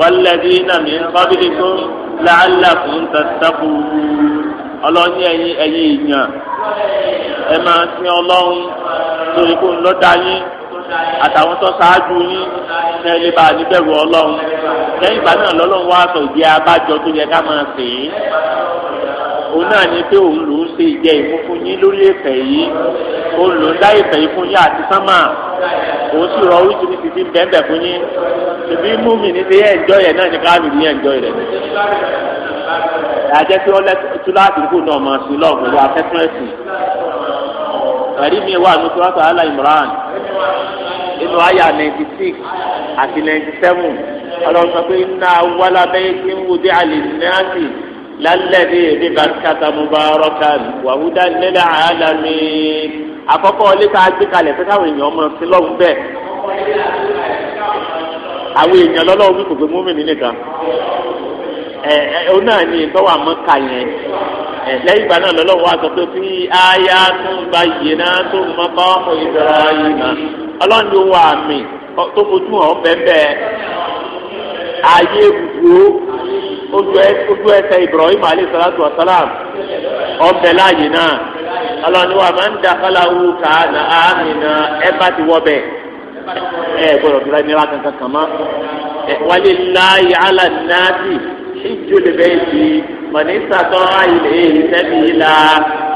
wàlẹ́dí nàmí kọ́bílì kún làálà kún tàtàkù ọlọ́ni ẹ̀yin ẹ̀yin èèyàn ẹ máa sin ọlọ́run lórí kó ń lọ́ dá yín àtàwọn tó ṣáájú yín ní ẹ bá a níbẹ̀rù ọlọ́run lẹ́yìn ìgbà náà lọ́lọ́run wá sọ ìdí abájọ tó yẹ ká máa sìn ín òun náà ni pé òun lòún ṣe ìjẹ ìmú fún yín lórí ìfẹ́ yìí òun lòún dá ìfẹ́ yìí fún yín àti sánmà òun sì rọ oríṣiríṣi ti ń bẹ́ẹ̀ fún yín ṣùgbọ́n imú mi ní ṣe ẹ̀ǹjọ́ yẹn náà ni káàmì ní ẹ̀ǹjọ́ rẹ̀ àjẹ́ pé ọlẹ́tú láti kú náà mọ̀ sí lọ́ọ̀gùn wa fẹ́tún ẹ̀sìn ẹ̀rí mi wà ní sọ́wọ́sọ alá Imran nínú àyà ninety six àti ninety seven ọlọ́run sọ pé iná wàlábẹ́ kí ń lálẹ́dẹ́ ní barakata mubaraka wàhúdà nílẹ̀ alami. àkọ́kọ́ ilé tá a gbé kalẹ̀ pé káwọn èèyàn mọ̀ sí lọ́hùn bẹ́ẹ̀. àwọn èèyàn lọ́lọ́run wí kò gbé mọ́mìnì nìkan. ẹ ẹ ọ náà ní ìtọ́wọ́ àmọ́ kà yẹn. ẹ lẹ́yìn ìgbà náà lọ́lọ́run wá sọ pé fi aya tó ń ba yìí náà tó ń mọ kọ́ ọmọ ìdọ̀rọ̀ yìí náà. ọlọ́run ló wà mí tó fojú hàn bẹ́ẹ̀ bẹ́ẹ̀ ayé ibùdó ojú ẹsẹ̀ ibrahim alayhi salatu wa salam ọbẹ̀ láàyè náà ọlọ́ni wa máa ń da kálàwù ká na àmì na ẹ bá ti wọ́ bẹ́ẹ̀ ẹ gbọ́dọ̀ tó láyé nira kankan kàn mọ́ wálé láàyè àlà nàásì ìjó lè bẹ́ẹ̀ di mọ̀nísà tó àyè èyí sẹ́mi ìlà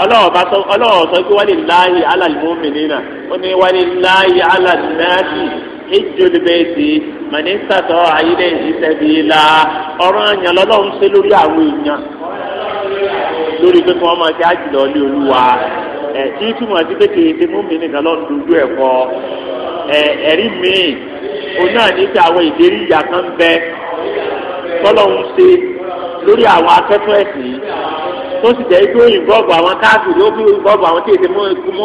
ọlọ́wọ́ sọ pé wálé láàyè àlà lùmọ́mìnira ó ní wálé láàyè àlà nàásì. hijjul bayti man istata'a ilayhi sabila ọrụ anya lọ́lọ́run lórí àwọn èèyàn lórí pé kí wọ́n máa ṣe àjùlọ ní olúwa ẹ̀ tí túmọ̀ sí pé mi nìkan ti ìdérí ìyá kan lórí tó àwọn káàkiri ó fi àwọn tí mú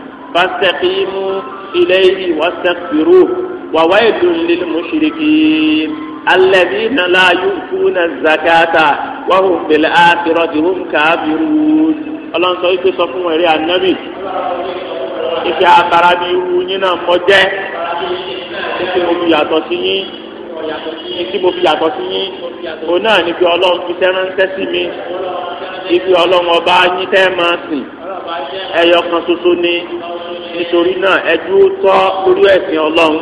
فاستقيموا إليه واستغفروه وويل للمشركين الذين لا يؤتون الزكاة وهم بالآخرة هم كافرون ọlọ́run sọ wípé sọ fún ẹ̀rí ànábì ìfẹ́ àkàrà ni irú yín náà mọ jẹ́ títí mo fi yàtọ̀ sí yín títí mo fi yàtọ̀ sí yín òun náà ní bí ọlọ́run fi tẹ́rán tẹ́ sí mi ìfi ọlọ́run ọba yín tẹ́ máa sìn ẹ̀yọ̀ kan ṣoṣo ni nítorí náà ẹ dúró tọ́ lórí ẹ̀sìn ọlọ́run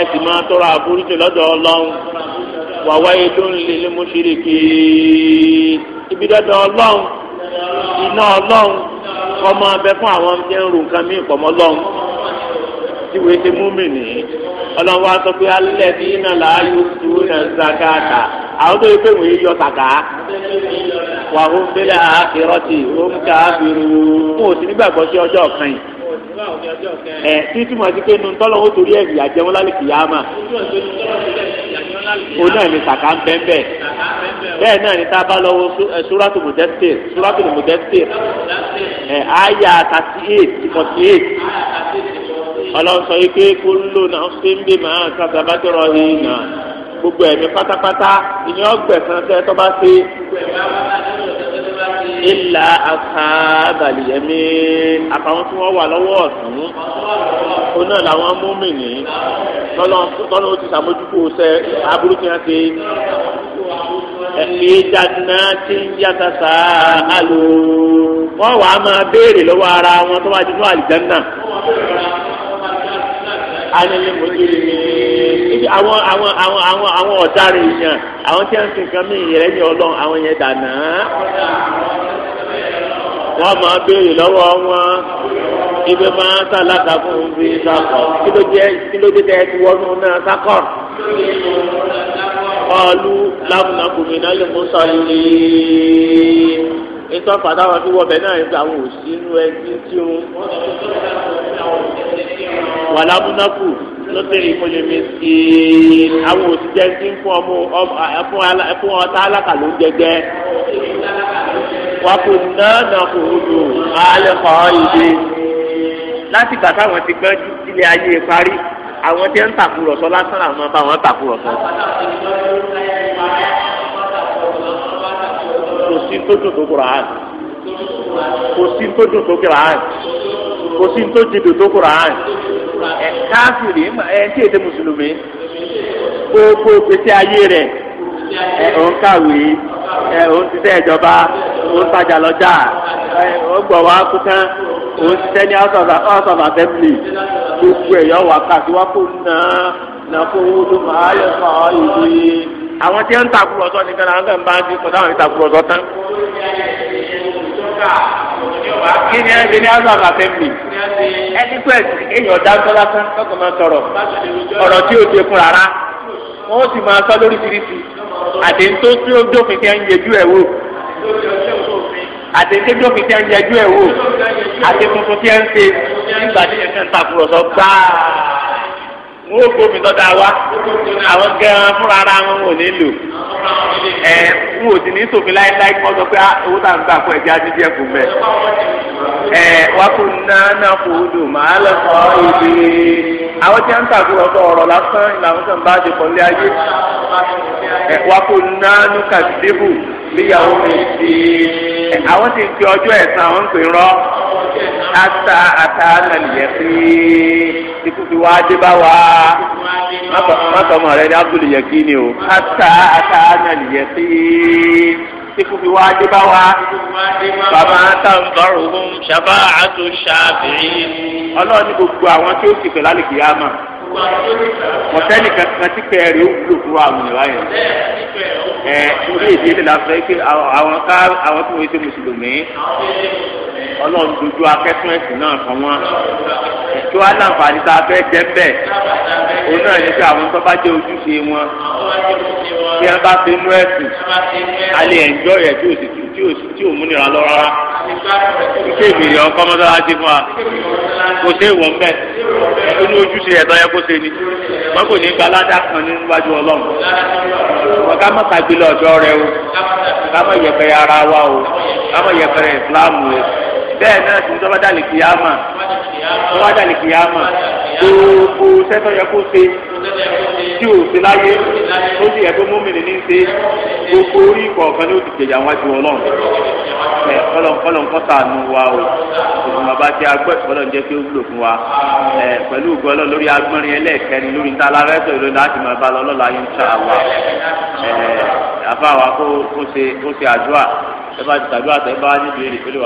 ẹ sì máa tọrọ àforíjì lọ́dọ̀ ọlọ́run wàwá ètò ńlẹ̀ lé mo ṣe lè ké ibi dọ́dọ̀ ọlọ́run iná ọlọ́run ọmọ abẹ fún àwọn tí ń ru nǹkan mí ìpọ̀mọ́ ọlọ́run tí wòye ti mú mi nìyí ọlọ́run wa sọ pé alẹ́ bí iná làáyò tó ń ṣàkàtà àwọn tó yẹ pé wòye yọ kàkà wàhùn bílẹ̀ àkìrọ̀tì ó ń ká bìrù fún òsì nígbàgbọ́ sí ọjọ́ kan yìí ẹ tí túmọ̀ sí pé nùtọ́ lọ́wọ́ torí ẹ̀rì àjẹmọ́ lálẹ́ kìyàmà o náà ni sàkà ń bẹ́ẹ̀ bẹ́ẹ̀ bẹ́ẹ̀ náà ni tá a bá lọ́wọ́ suratu mudẹ́tìr suratu mudẹ́tìr ẹ àyà thirty eight forty eight ọlọ́run sọ yìí pé kó ló náà ṣe ń bí màá sábàbàtọ̀rọ̀ yìí náà gbogbo ẹ̀mí pátápátá ìyẹn ọgbẹ̀sán tẹ́ tọ́ bá ṣe ilà àkàbàlìyẹmí àtàwọn tí wọ́n wà lọ́wọ́ ọ̀tún òun náà làwọn múmìnì tọ́lọ́ ti sàmójúkú sẹ aburú tí wọ́n ti ẹ̀fí dáná tí ń yàtà sáà àlò wọ́n wàá máa béèrè lọ́wọ́ ara wọn tó wá jù ní àlìjánná. anilé mojú ni àwọn àwọn àwọn àwọn àwọn ọ̀daràn èèyàn àwọn tí wọ́n ti nǹkan mí ìrẹ́ ní ọlọ́run àwọn yẹn dànà. wọ́n máa béèrè lọ́wọ́ wọn ibi máa ń sàlàkà fún un fi sàkọ̀ kí ló jẹ́ kí ló dé tẹ́tí wọnú náà sàkọ̀. ọlú lámùnàkùnmí náà lè mú sọ yìí ètò àfàdá wa fi wọbẹ náà ẹgbẹ àwọn òsínú ẹgbẹ tí ó wà lámúnákù lọ́sẹ̀rì kò lè mi sí àwọn òṣìṣẹ́ tí ń fún ọmọ ẹ̀fún ọ̀tá alákà ló ń jẹjẹ. wà kò nánà kò rúdò alẹ́ kọ́ ìdè. láti gbà táwọn ti gbẹ́ ilé ayé parí àwọn tí ń tàkùrọ̀sọ lásán àwọn bá wọn tàkùrọ̀sọ. kò sí tó dùn tó kura hàn kò sí tó dùn tó kura hàn kò sí tó jìdò tó Kùránì ẹ̀ káfíìrì ẹ̀ tí èdè mùsùlùmí gbogbo gbèsè ayé rẹ̀ ẹ̀ ò ń kàwé ẹ̀ ò ń ṣiṣẹ́ ìjọba ò ń tajà lọ́jà ẹ̀ ò ń gbọ̀ wá kú tán ò ń ṣiṣẹ́ ní house of assembly gbogbo ẹ̀yọ́ wà káàkiri wá kó náà náà kó owó tó máa yẹ fún ọ ìlú àwọn tí ń takurọ̀sọ nìkan náà ń bá ń ti sọ̀dọ̀ àwọn ìtakurọ̀sọ tán kí ni ẹ ṣe ní house of assembly ẹni pẹ́ èèyàn dáńtọ́ lásán lọ́kàn máa sọ̀rọ̀ ọ̀rọ̀ tí ò ṣe fún rárá wọ́n sì máa sọ lóríṣiríṣi àdéńtó tí ó dófin kí ẹ ń yẹjú ẹ̀ wò àtẹ̀tẹ̀ bí òfin tí a ń yẹjú ẹ̀ wò àti funfun tí a ń ṣe nígbà tí ẹ̀ka ń takùrọ̀sọ gbáà wọn ò gbómi tọ́da wa àwọn gan fúnra ara wọn ò ní lò ẹ n ò sì ní sòfin láéláé kí wọ́n sọ pé ah, owó tá à ń gbà fún ẹ̀jẹ̀ adídí ẹ̀kú mẹ́ ẹ wá kó nánà kó lò màá lọ sọ èdè àwọn tí wọ́n ń tàkùrọ̀sọ ọ̀rọ̀ lásán làwọn tó bá ṣe kọ́lé ayé wá kó nánà kàdébù léyàwó mi ti àwọn ti ń pe ọjọ́ ẹ̀san àwọn ń pè rọ́ ata ata nàlìyẹ pé ikú fi wá dé bá wa mọ́tò ọmọ rẹ ní abdul yẹkí ni o ata ata nàlìyẹ pé ikú fi wá dé bá wa bàbá tàǹbọ̀rù ṣàbà àtúnṣàbìrì. ọlọ́run ní gbogbo àwọn tí ó sì pè lálẹ́ kìí á mọ̀tẹ́lì kankan tí kẹrì ó wúlò fún àwọn ìlú ayọ̀ ẹ ilé ìdílé la fẹ́ pé àwọn ká àwọn tí wọ́n ṣe mùsùlùmí ọlọ́run dojú akẹ́kọ̀ọ́ ẹ̀sìn náà fún wọn tó aláǹfààní tá a fẹ́ jẹ́ bẹ́ẹ̀ òun náà ní pé àwọn tó bá jẹ́ ojúṣe wọn bí wọ́n bá fi nú ẹ̀sìn a lè ẹ̀njọ́ rẹ̀ tí ò sì tí ò tí ò múnira lọ rárá ike ìbèrè ọkọ mọ́tàlá ti fún wa kò sí ìwọ̀n bẹ́ẹ̀ inú ojúṣe ẹ̀tọ́ yẹ kó kó ṣe ni wọn kò ní gba aládá kan níwájú ọlọ́run wọn ká má sàgbélé ọ̀dọ́ rẹ o ká má yẹpẹrẹ ara wa o ká má yẹpẹrẹ ìsìláàmù o bẹ́ẹ̀ náà tí wọ́n bá dàlí kìyàmà wọ́n bá dàlí kìyàmà gbogbo sẹ́tọ̀ yẹ kó ṣe tí ò ṣe láyé ó sì yẹ kó múmìnì ní ṣe gbogbo orí kọ̀ọ̀kan ní òtítì ìjà wájú ọlọ́run ẹ kọ́lọ̀ nǹkan sànù wa o òfin bàbá tí a gbọ́ ìfọ́lọ́ jẹ́ kí ó wúlò fún wa ẹ pẹ̀lú ìgbọ́lọ́ lórí agbọ́nrin ẹlẹ́ẹ̀kẹrin lórí níta alárẹ́sọ̀ ìlú láti máa bá lọ lọ́la yín ṣá wa ẹ àfáwa kó ṣe kó ṣe àdúrà ẹ bá ti tàdúrà tẹ bá níbi èrè pẹ̀lú